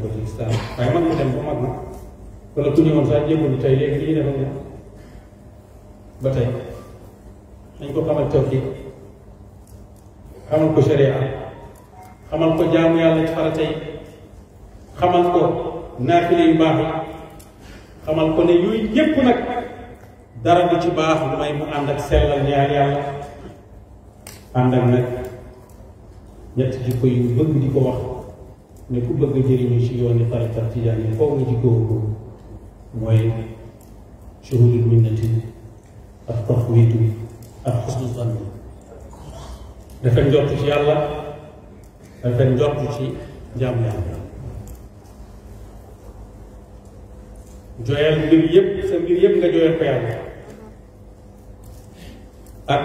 ko ci islam waaye man mu dem ba mag nag wala ku ñëwoon sax jéego ni ba tey dañ ko xamal tawxiid xamal ko sharia xamal ko jaamu yàlla ci farata yi xamal ko naafile yu baax yi xamal ko ne yooyu yépp nag dara du ci baax lu may mu ànd ak sellal ñaar yàlla ànd ak nag ñett jikko yu bëgg di ko wax ne ku bëgg jëriñu ci yoon yi tariqa tijaani foo nga jikkoo mooy shuhudul minnati ak tafwiitu ak xusnu zanni ci yàlla dafa njort ci jaam yàlla jooyal mbir yëpp sa mbir yëpp nga jooyal ko yàlla ak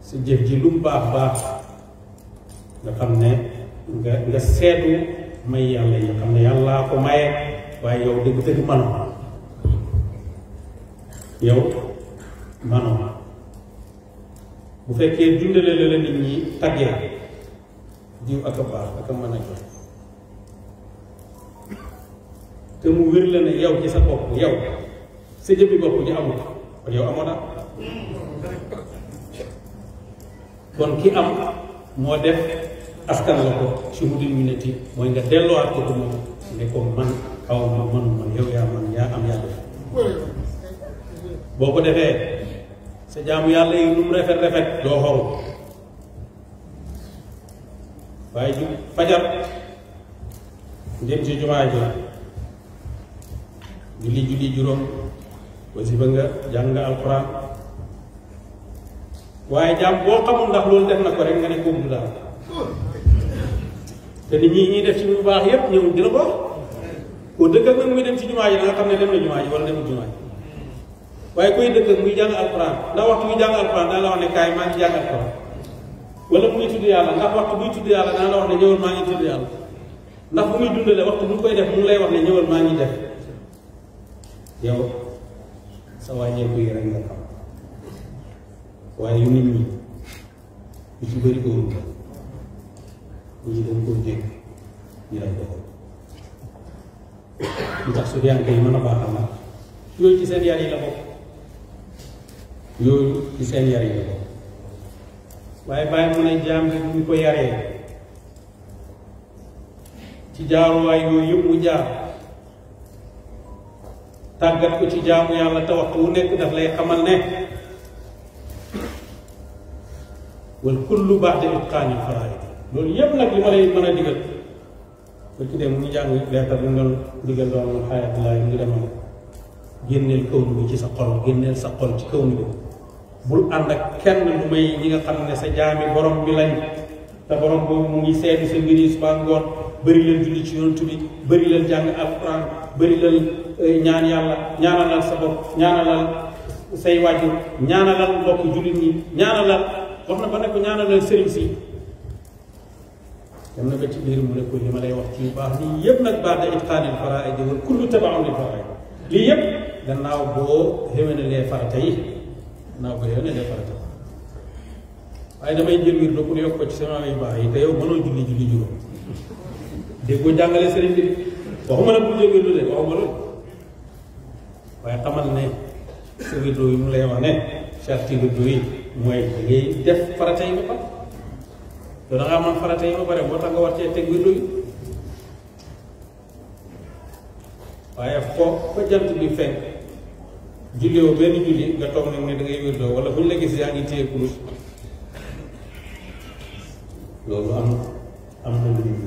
sa jëf ji lu baax baax nga xam ne nga nga seetu may yàlla yi nga xam ne yàllaa ko maye waaye yow dëgg-dëgg mën yow manoma bu fekkee dundale la nit ñi taggee diw ak a baax ak a mën a jox te mu wér la ne yow ci sa bopp yow sa bopp ji amul kon yow na kon ki am moo def askan la ko mu minati mooy nga delluwaat ko ko moom ne ko man aw ma man yow yaa man yaa am yaa def boo ko defee sa jaamu yàlla yi lu mu rafet rafet doo xonq waaye ju fajar njëm nga jàng nga alxuraan waaye jaam boo xamul ndax loolu dem na ko rek nga ne góobu daal te nit ñi ñuy def ci bu baax yépp ñëw dina ko koo dëkk ak nag muy dem ci jumaa ji da xam ne dem na jumaa ji wala demul jumaa ji waaye koy dëkk muy jàng alquran ndax waxtu muy jang alquran dana la wax ne kaay maa ngi jàng alquran wala muy tudd yàlla ndax waxtu buy tudd yàlla dana la wax ne ñëwal maa ngi tudd yàlla ndax bu muy dundale waxtu bu koy def mu lay wax ne ñëwal maa ngi def yow sa wàññeeku yi rek nga xam waaye yu nit ñi ñu ci bëri koo wut ñu dañ koo dégg ñu def ko lu tax su dee yi mën a baaxal la ci seen yar yi la bokk loolu ci seen yar yi ko waaye bàyyi mu ne jaam rek ñu ko yaree ci jaaruwaay yooyu yëpp mu jaar tàggat ko ci jaamu yàlla te waxtu wu nekk daf lay xamal ne wal lu ba'da itqaani faraa'id loolu yëpp nag li ma lay mën a digal ba ci dem mu jàng leetar bi nga digal doon xaayatullaahi ngi demal génneel kaw ni bi ci sa xol génneel sa xol ci kaw ni bi bul ànd ak kenn lu may ñi nga xam ne sa jaami borom bi lañ te borom boobu mu ngi seeti sa mbir yi bari ngoon bëri leen julli ci yonent bi bëri leen jàng alquran bari leen eh, ñaan yàlla ñaanalal sa bopp ñaanalal say waajur ñaanalal mbokk jullit ñi ñaanalal wax na ba ne ko ñaanalal sëriñ si dem na ba ci biir mu ne ko li ma lay wax ci baax lii yëpp nag baax da itqaanil faraa'id wal kullu tabaun li faraa'id lii yëpp gannaaw boo xéwénalee farata yi naa ko yow ne def farata waaye damay jël wir do pour yokk ko ci sama yu baax yi te yow mënoo julli julli juróom déggoo jàngale sëriñ bi waxuma la bul jël wir do de waaye xamal ne sa wir do yi mu lay wax ne charti yi mooy da ngay def farata yi ba pare te da ngaa farata yi ba pare boo tax nga war cee teg wir do yi waaye foo jant bi fekk julliwoo benn julli nga toog nag ne da ngay wérdoo wala buñ la gis yaa ngi téye kurus loolu am am na lu ñu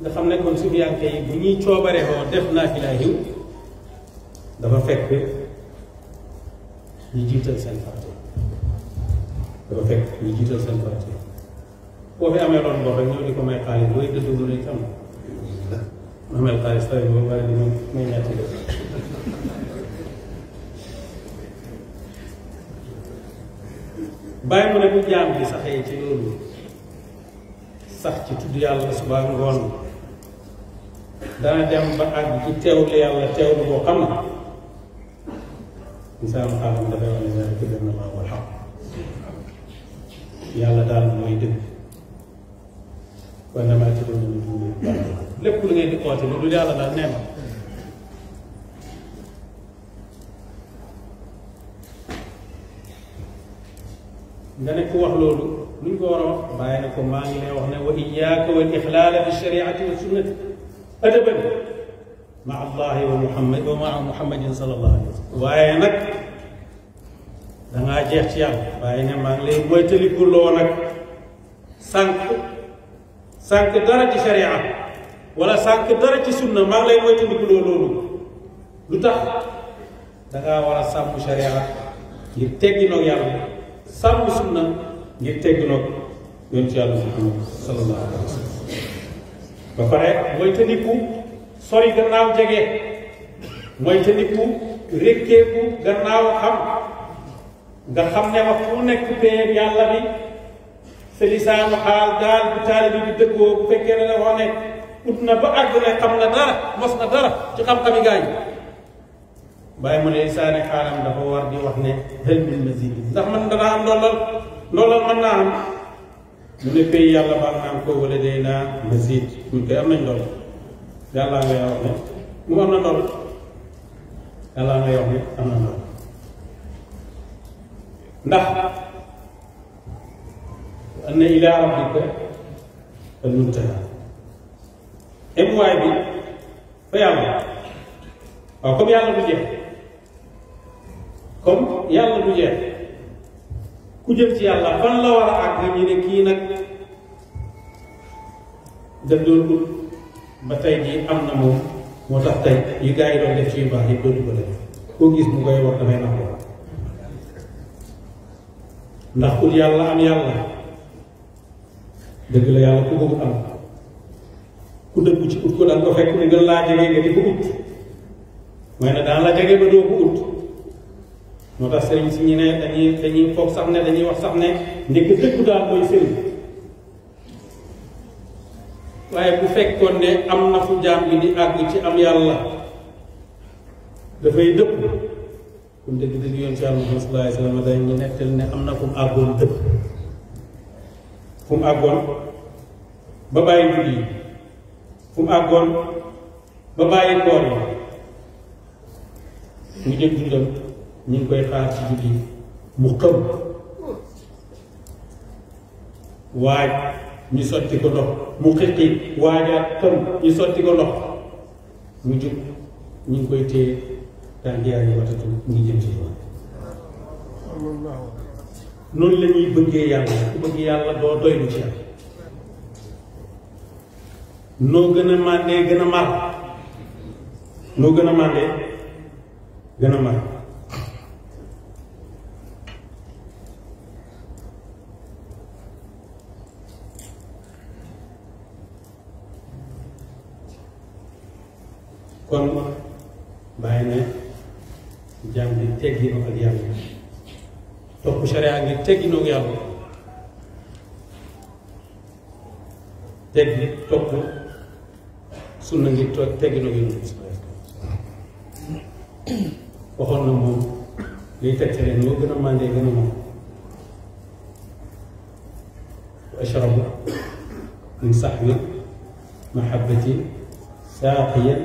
nga xam ne kon suñu yàgg yi bu ñuy coobaree oo def naa fi laa yiw dafa fekk ñu jiital seen fàtte dafa fekk ñu jiital seen fàtte boo amee loon boo rek ñoo di ko may xaalis mooy dëdd lu ne tam No me gusta esto de Google ni me chido. bàyyi mu ne bu jaam bi saxee ci loolu sax ci tudd yàlla suba ngoon dana dem ba àgg ci teewlu yàlla teewlu boo xam ne insaan lépp lu ngeen di oote loolu yàlla daal nee na nga ne ku wax loolu luñ ko war a wax bàyyi na ko maa ngi lay wax ne wa iyaaka wal ixlaala bi shariati wa sunnati adaban ma allahi wa muhammad wa maa muhammadin sallallahu alayhi wa sallam waaye nag dangaa jeex ci yàlla bàyyi ne maa ngi lay moytaliku loo nag sànq sànq dara ci sharia wala sànq dara ci sunna maa ngi lay moytandikuloo loolu lu tax da war a sàmm sharia ngir tegginoog yàlla sàmm sunna ngir tegginoog yoon ci yàlla Muhammad sallallahu ba pare moytandiku sori gannaaw jege moytandiku rékkeeku gannaaw xam nga xam ne wax fu nekk payem yàlla bi sa xaal daal bu taalibi bi dëggoo bu fekkee ne la nekk ut na ba àgg ne xam na dara mos na dara ci xam-xami gaa yi bàyyi mu ne lisaane xaalam dafa war di wax ne hal min mazid ndax man danaa am ndollal ndollal mën naa am mu ne pay yàlla koy am nañ ndoll yàllaa ngay wax ne am na ndoll yàllaa ngay wax ne am na ndoll ndax anna ilaa rabbika demuwaay bi fa yàlla waaw comme yàlla du jeex comme yàlla du jeex ku jëm ci yàlla fan la war a àgg ñu ne kii nag daf doon ut ba tey jii am na moom moo tax tey yu gars yi doon def ci yu baax yëpp dootu ko def koo gis mu ndax ut yàlla am yàlla dëgg la yàlla ku bëgg am ku dëgg ci ut ko da nga ko fekk ni gën laa jege nga di ko ut mooy ne daan la jege ba doo ko ut moo tax sëriñ si ñu ne dañuy dañuy foog sax ne dañuy wax sax ne ndekk dëggu daal mooy sëriñ waaye bu fekkoon ne am na fu jaam bi di àgg ci am yàlla dafay dëpp kon dëgg dëgg yoon ci àll Muhammad dañ ñu nettali ne am na fu mu àggoon dëpp fu àggoon ba bàyyi julli fu mu àggoon ba bàyyi koor yi mu jël dundam ñu ngi koy xaar ci julli mu xëm waaj ñu sotti ko ndox mu xiqi waajaat xëm ñu sotti ko ndox mu jub ñu ngi koy téye daan jaar yi watatu ngi jëm ci noonu la bëggee yàlla ku bëgg yàlla doo doy ci yàlla noo gën a màndee gën a mar noo gën a màndee gën a mar kon bàyyi ne jàmm bi tegginoo ak yàlla topp sharia ngi tegginoo ak yàlla teggi topp sunna ngi toog tegginu gi ñu waxoon na moom liy tegtale ñoo gën a màndee gën a moom ashrabu min saxbi mahabati saaqiyan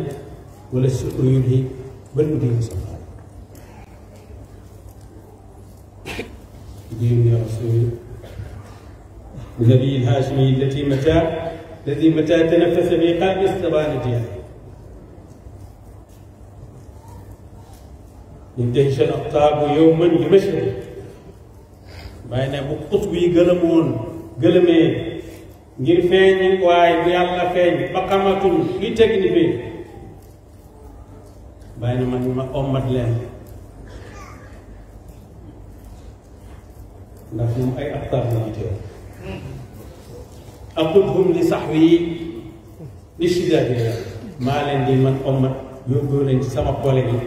wala sukru yulhi bal mu dégg sa xaal دين يا رسول النبي الهاشمي التي متى الذي متى تنفس في قلبي استبان دينه يدهش الأقطاب يوما يمشي waaye ne bu xut bi gëlëmoon gëlëmee ngir feeñ waaye bu yàlla feeñ ba xamatul li teg ni fi bàyyi na ma ommat leen ndax moom ay aktar la ñu teew aqulhum li sax wi li sidaatina maa di man ci sama koole bi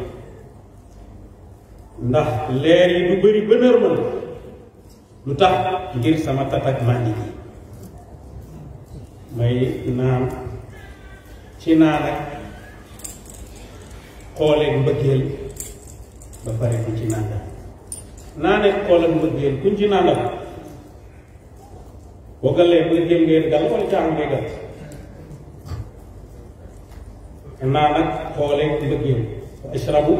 ndax leer yi du bëri ba normal ngir sama tatak màndi gi may naan ci naan ak xooleeg mbëggeel ba pare ci naan naan ak ci పొగలే ఎప్పటికేం లేదు కదా వాళ్ళు కారణమే కదా nanak xoolee mbëggeel wa ashrabu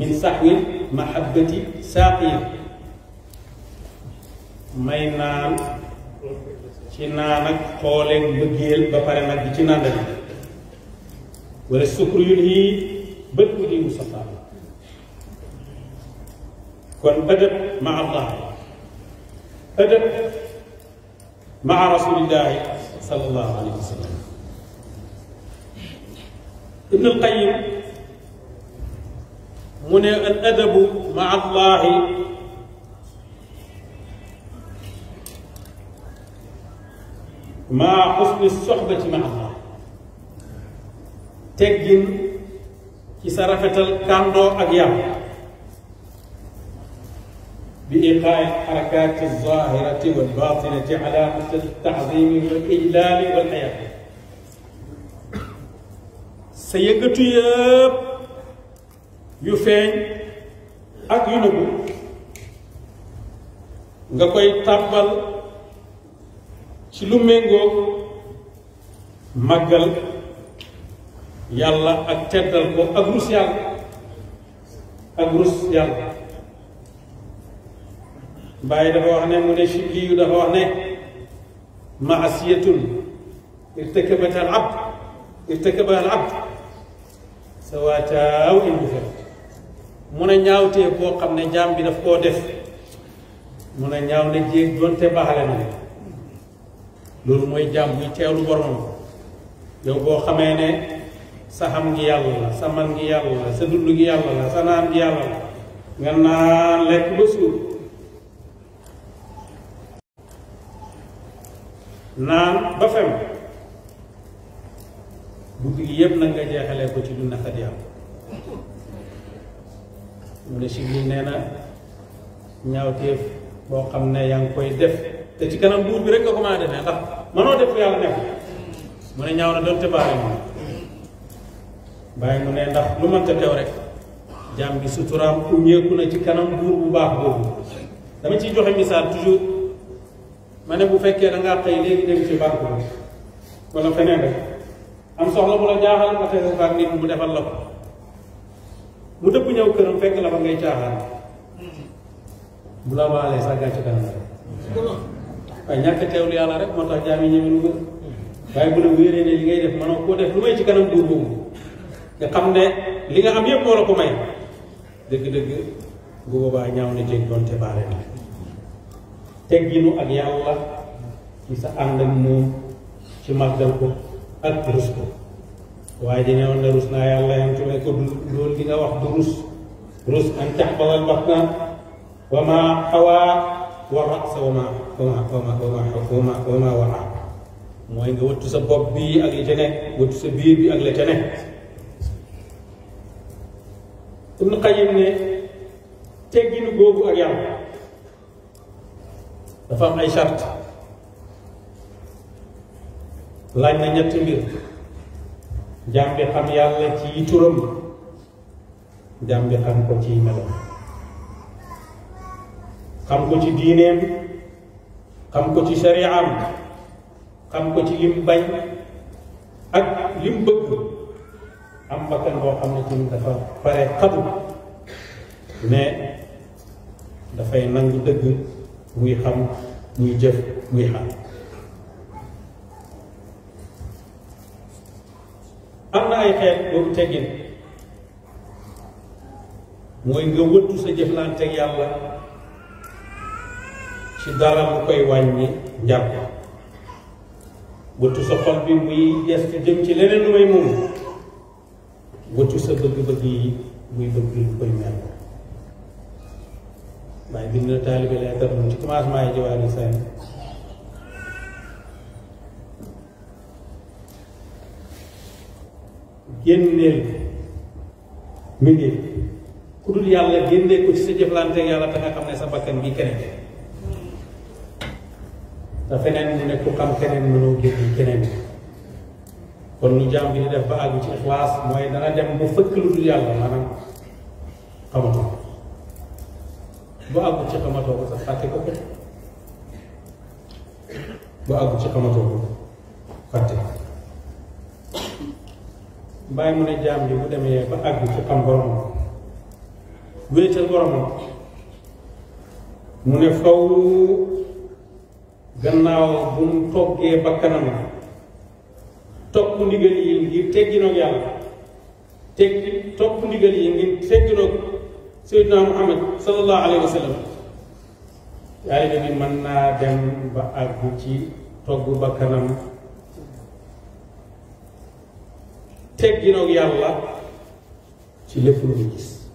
min saxwin mahabbati saaqiin may naan ci naanak xoolee mbëggeel ba pare nag di ci nandali wala sukkur yu nii bët bu di Mustafa kon ëdëb ma allah ëdëb مع رسول الله صلى الله عليه وسلم ابن القيم من الأدب مع الله مع حسن الصحبة مع الله تجن كسرفة الكاندو أجيال بإيقاع الحركات الظاهرة والباطنة على مدى التعظيم والإجلال والحياة سيقتو ياب يفين أك ينبو نقوي تقبل شلو منغو مقل يالله أكتدلكو أغروس يالله أغروس يالله bàyyi dafa wax ne mu ne shibli yu dafa wax ne maasiyatun irtakabat al abd irtakaba al abd sawaataaw inbukat mun a ñaawtee boo xam ne jaam bi daf koo def mun a ñaaw ne jéeg doonte baaxale na loolu mooy jaam buy teewlu borom yow boo xamee ne sa xam ngi yàlla la sa man ngi yàlla la sa dund ngi yàlla la sa naan ngi yàlla la nga naan lekk ba suur naan ba fem guddi gi yëpp nag nga jeexalee ko ci lu naqat yàlla ne si lii nee na ñaawteef boo xam ne yaa ngi koy def te ci kanam buur bi rekk nga ko mën defee ndax mënoo def yàlla nekk mu ne ñaaw na doonte baale moom bàyyi mu ne ndax lu mënta teew rek jàmm bi suturaam uñeeku na ci kanam buur bu baax boobu dama ciy joxe misaal toujours ma bu fekkee da ngaa xëy léegi dem ci banque bi wala feneen rek am soxla bu la jaaxal nga xëy sa nit mu defal la ko mu dëpp ñëw këram fekk la fa ngay caaxaan bu la baalee sax gàcce kanam waaye ñàkk teewlu yàlla rek moo tax jaam yi ñëwee waaye bu ne wéeree li ngay def mënoo koo def lu may ci kanam duur boobu nga xam ne li nga xam yépp moo la ko may dëgg-dëgg bu boobaa ñaaw na jéeg doonte baale na tegginu ak yàlla ci sa ànd ak moom ci màggal ko ak rus ko waaye ji newoon na rus naa yàlla yam ci may ko loolu li wax du rus rus an taxbalal batna wa maa xawaa wa rasa wa maa wama wama wama wama wara mooy nga wëttu sa bopp bi ak la ca nekk sa biir bi ak la ca nekk Ibn Qayyim ne tegginu googu ak yàlla dafa am ay charte laaj na ñetti mbir jaam xam yàlla ci turam jaam xam ko ci melam xam ko ci diineem xam ko ci shari'am xam ko ci lim bañ ak lim bëgg am bakkan boo xam ne ci dafa pare xamu mais dafay nangu dëgg muy xam muy jëf muy xam am na ay xeet doomu teggin mooy nga wëttu sa jëflanteeg yàlla ci dara mu koy wàññi njàpp wëttu sa xol bi muy des ci jëm ci leneen lu may moom wëttu sa bëgg-bëgg yi muy bëgg lu koy mel bàyyi bind na taalibe leetar moom ci commencement yi saa yi génneel mbindéef ku dul yàlla génnee ci sa jëflante yàlla te xam ne sa bakkan bi keneen te feneen mu ne ku xam keneen mënoo génne keneen kon ñu jàmm bi di def ba àgg ci ixlaas mooy dana dem bu fëkk lu dul yàlla maanaam xam ba àgg ci xamatoo ko sax fàtte ko ba àgg ci xamatoo ko fàtte bàyyi mu ne jaam bi bu demee ba àgg ci xam boromam wéetal boromam mu ne faw gannaaw bu mu toggee bakkanam topp ndigal yi ngir tegginoog yàlla teggi topp ndigal yi ngir tegginoog Seydina Muhammad sallallahu alayhi wa sallam yaay da ni mën naa dem ba àgg ci togg ba kanam tegginoog yàlla ci lépp lu gis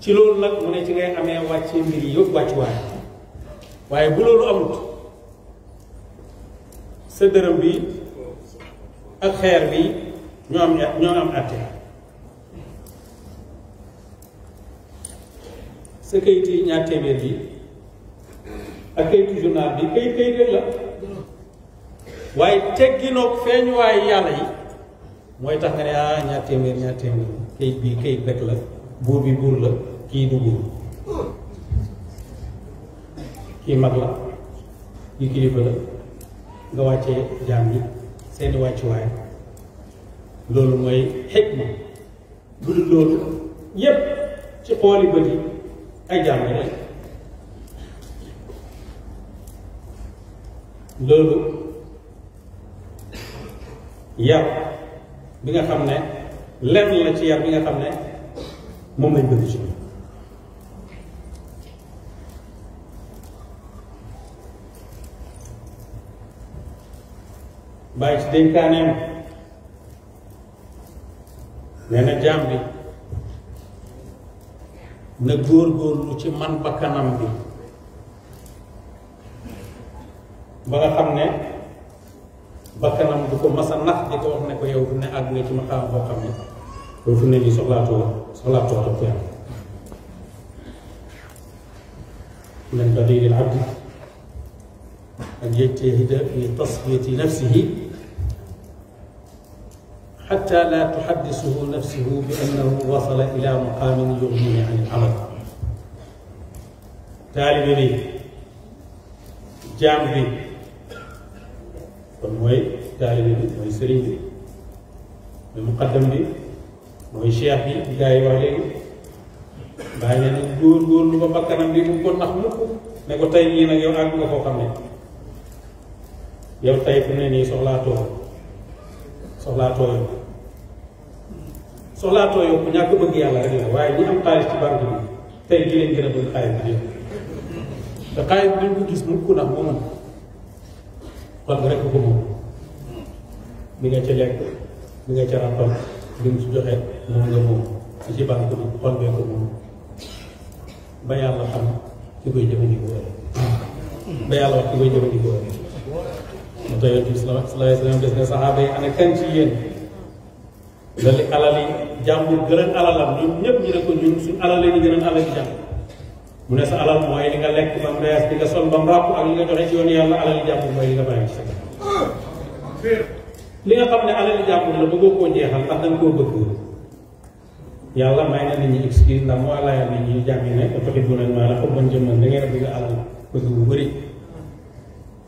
ci loolu nag mu ne ci ngay amee wàccee mbir yi yëpp wàccuwaay waaye bu loolu amut sa dërëm bi ak xeer bi ñoo am ñoo am àtte sa kayit yi ñaar téeméer bi ak kayitu journal bi kayit kayit la waaye tegginoog feeñuwaay yàlla yi mooy tax nga ne ah ñaar téeméer ñaar téeméer kayit bii kayit rek la buur bi buur la kii du buur mag la kii kilifa la nga wàccee jaam yi seeni wàccuwaay loolu mooy xikma bu dul loolu yépp ci xooli bët yi အဲ့ကြမယ်လို့လို့ရောက်ဘင်းကခမ်းနဲ့လက်လက်ချီဘင်းကခမ်းနဲ့မမိတ်ပဒီချီ by stay kanem nena jambi na góorgóorlu ci man ba kanam bi ba nga xam ba kanam du ko nax di ko wax ne ko yow ne àgg nga ci ma xaam boo xam ne yow fu ne nii soxlaatoo soxlaatoo topp yàlla من بغير العبد حتى لا تحدثه نفسه بأنه وصل إلى مقام يغني عن العمل تعلم لي جامد والموي تعلم لي موي طيب، سرين لي المقدم لي موي شيخي جاي وعلي بعد أن يقول يقول لو بكر نبي ممكن نخلوك نقول تاني أنا يو أعلم كم كم يو تاني فيني سولاتو سولاتو soxlaatoo yow ku ñàkk bëgg yàlla rek la waaye ñi am xaalis ci banque bi tey ki leen gën a bëgg xaalis bi yow te xaalis bi duñ ko gis mukk ndax moomu rek ko moom mi nga ci lekk mi nga ci rappal li mu ci joxe moom nga moom li ci banque bi xol bee ko ba xam koy ba wax koy sallallahu alayhi des na yi ana kan ci la li alal yi jàmbur gën a alalam ñun ñëpp ñu ne ko ñun suñ alal la ñu gën a alal yi jàmbur mu ne sa alal mooy li nga lekk ba mu rees li nga sol ba mu ràpp ak li nga joxe ci yoon yàlla alal yi jàmbur mooy li nga bàyyi ci li nga xam ne alal yi la bëggoo koo jeexal ndax da nga koo bëgg yàlla may na nit ñi excuse ndax moo laayal nit ñi jàmmi ne ko toxi bu leen maa la ko bon jëmmal da ngay bëgg alal bëgg bu bëri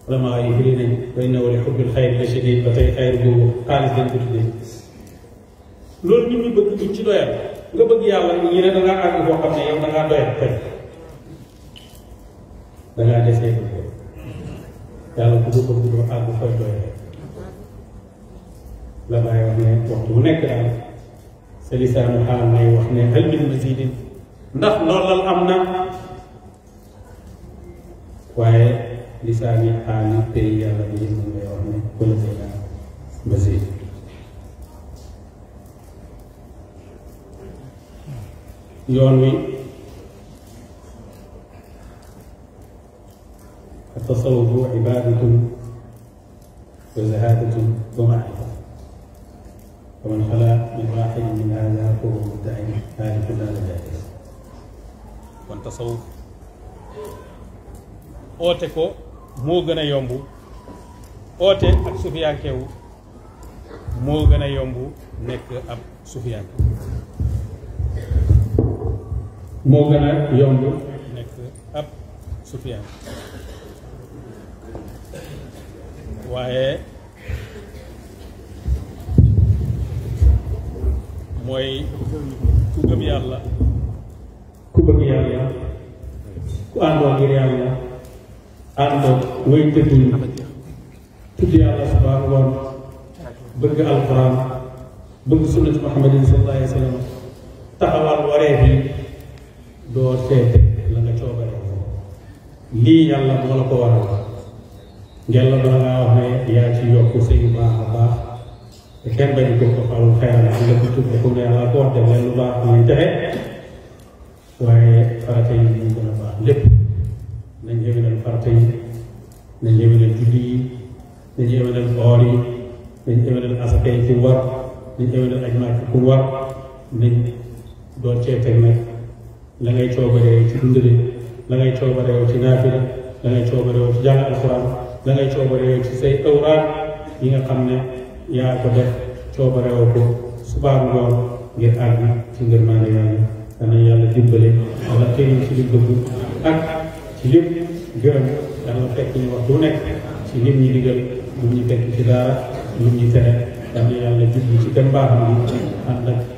vraiment yi firi nañ koy nawale xubbil xayr la ba tey xayr boobu xaalis dañ ko tuddee loolu nit ñi bëgg duñ ci doyal nga bëgg yàlla nit ñi ne da àgg boo xam ne yow da doyal tey da ngaa desee ko yàlla bu ko doyal la bàyyi wax ne waxtu bu nekk daal sa lisaanu xaal may wax ne hal min mazidin ndax ndollal am na waaye lisaani xaal tey yàlla bi mën ngay wax ne kullu shay'in maziid yoon wi التصوف عبادة وزهادة ومعرفة ومن خلا من واحد من هذا فهو مدعي عارف لا جائز kon tasawuf oote ko moo gën a yomb oote ak sufiyankewu moo gën a yomb nekk ab sufiyanke moo gën a yomb nekk ab sufiyaan waaye mooy ku gëm yàlla ku bëgg yàlla ku àndoo ngir yàlla àndoo ngay tëdd yi tudd yàlla subhaanahu wa bëgg alxuraan bëgg sunnat Muhammadin sallallahu alayhi taxawal wareef yi doo seete la nga coobare lii yàlla moo la ko waral ngeen la bala ngaa wax ne yaa ci yokk sëy baax a baax te kenn bañu ko ko xalul xeyal am nga ko tudde comme lu baax muy texe waaye farata yi ñu gën a baax lépp nañ yéwénal farata nañ yéwénal julli yi nañ yéwénal oor yi nañ yéwénal asaka yi war nañ yéwénal aj màkk ku war nañ doon cee teg la ngay coobaree ci dundale la ngay ci naafila la ngay coobaree ci jàng alxuraan la ngay coobaree ci say awraat yi nga xam ne yaa ko def coobaree ko subaa ngoon ngir àgg ci ngërmaane yàlla danañ yàlla dimbale li bëgg ak ci lépp gërëm yàlla fekk nekk ci lim ñi digal lim ñi fekk ci ñi yàlla jublu ci dem baaxam bi ànd ak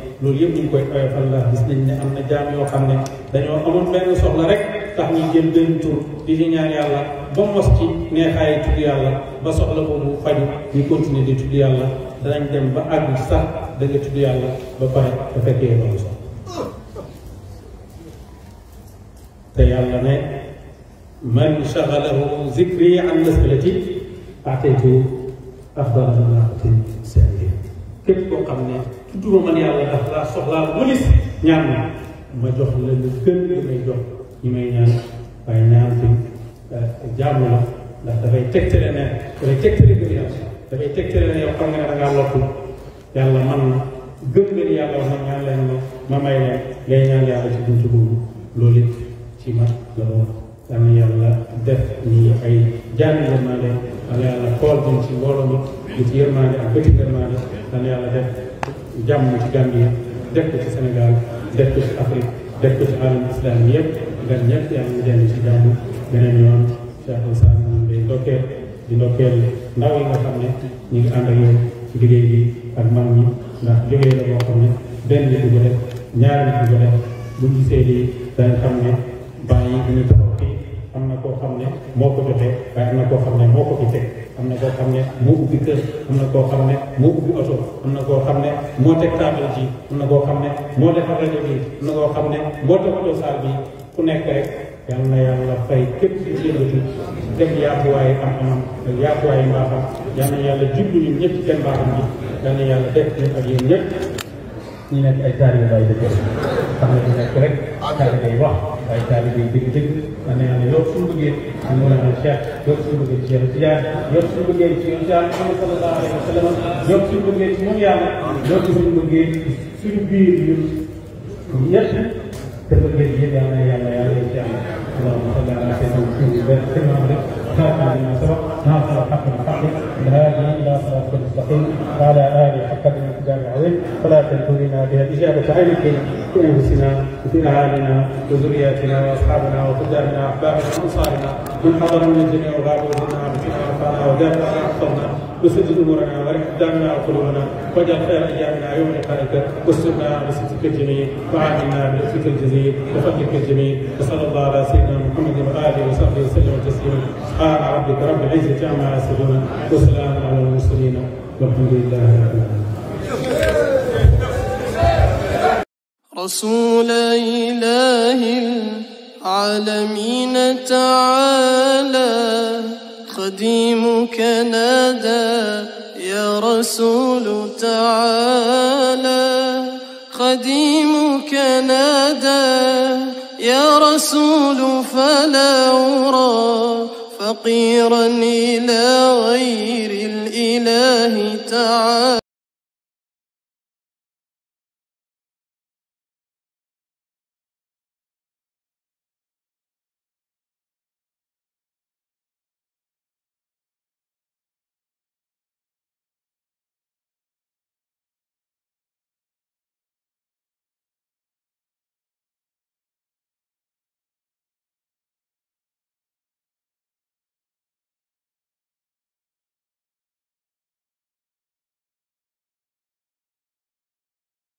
loolu yëpp ñu ngi koy oyofal la gis nañ ne am na jaam yoo xam ne dañoo amoon benn soxla rek tax ñu jël benn tur di ci ñaan yàlla ba mos ci neexaayi tudd yàlla ba soxla boobu faju ñu continuer di tudd yàlla danañ dem ba àgg sax da nga tudd yàlla ba pare ba fekkee loolu sax te yàlla ne man shagalahu zikri an mas'alati ataytu afdala naqatin sa'ir képp koo xam ne tudduma man yàlla ndax laa soxlaa mu lis ñaan ma ma jox la lu gën li may jox ñi may ñaan waaye ñaan bi eh, jaamu la ndax dafay tegtale ne dafay tegtale gëm yàlla yàlla man na ci buntu boobu ci ma la def ñi ay jaani yërmaande dana yàlla dana yàlla def jàmm ci Gambie def ci Sénégal def ci Afrique def ko ci alam islam yëpp gan ñëpp yàlla ñu dellu ci jàmm beneen yoon Cheikh Ousmane ñu ngi lay ndokkeel di ndaw yi nga xam ne ñu ngi ànd ak yow liggéey bi ak mag ndax liggéey la boo xam ne benn nit ko def ñaari nit ko bu ñu gisee lii dañ xam ne bàyyi bu ñu taxaw fii am na koo xam ne moo ko joxe waaye am na koo xam ne moo ko teg am na koo xam ne moo ubbi kër am na koo xam ne moo ubbi oto am na koo xam ne moo teg taabal ji am na koo xam ne moo defar rajo bi am na koo xam ne moo toppatoo saal bi ku nekk rek yal na yàlla fay képp ci yëngatu def yaatuwaayu am-amam ak yaatuwaayu mbaaxam yal yàlla jublu ñu ak yéen ñëpp xam ne du nekk rek wax ભાઈચારી વિકસિત અને અમે લોકસુંબુગે ಅನ್ನುವ ಅಂಶ લોકસુંબુગે ચેરજિયા લોકસુંબુગે ચિંતા સલ્લલ્લાહુ અલૈહી વસલ્લમ લોકસુંબુગે મોયા લોકસુંબુગે સુબીર યશ تبقى الجيل يا يا يا يا اللهم صل على سيدنا محمد وسلم على خاتم النبي ناصر الحق المحقق الهادي الى صراط المستقيم وعلى اله حق الالتزام العظيم فلا تنفذنا بها اجابه عينك في انفسنا وفي اعمالنا وذرياتنا واصحابنا وخدامنا واحبابنا وانصارنا من حضر من جميع منا وزدنا وارفعنا ودافعنا واحفظنا وسدد امورنا وارحمنا وقلوبنا واجعل خير ايامنا يوم لقائك واسترنا بسترك الجميل وعافنا بلطفك الجزيل وفضلك الجميل وصلى الله على سيدنا محمد واله وصحبه وسلم تسليما سبحان ربك رب العزه عما يصفون وسلام على المرسلين والحمد لله رب العالمين رسول إله العالمين تعالى قديمك نادى يا رسول تعالى قديمك نادى يا رسول فلا أرى فقيرا إلى غير الإله تعالى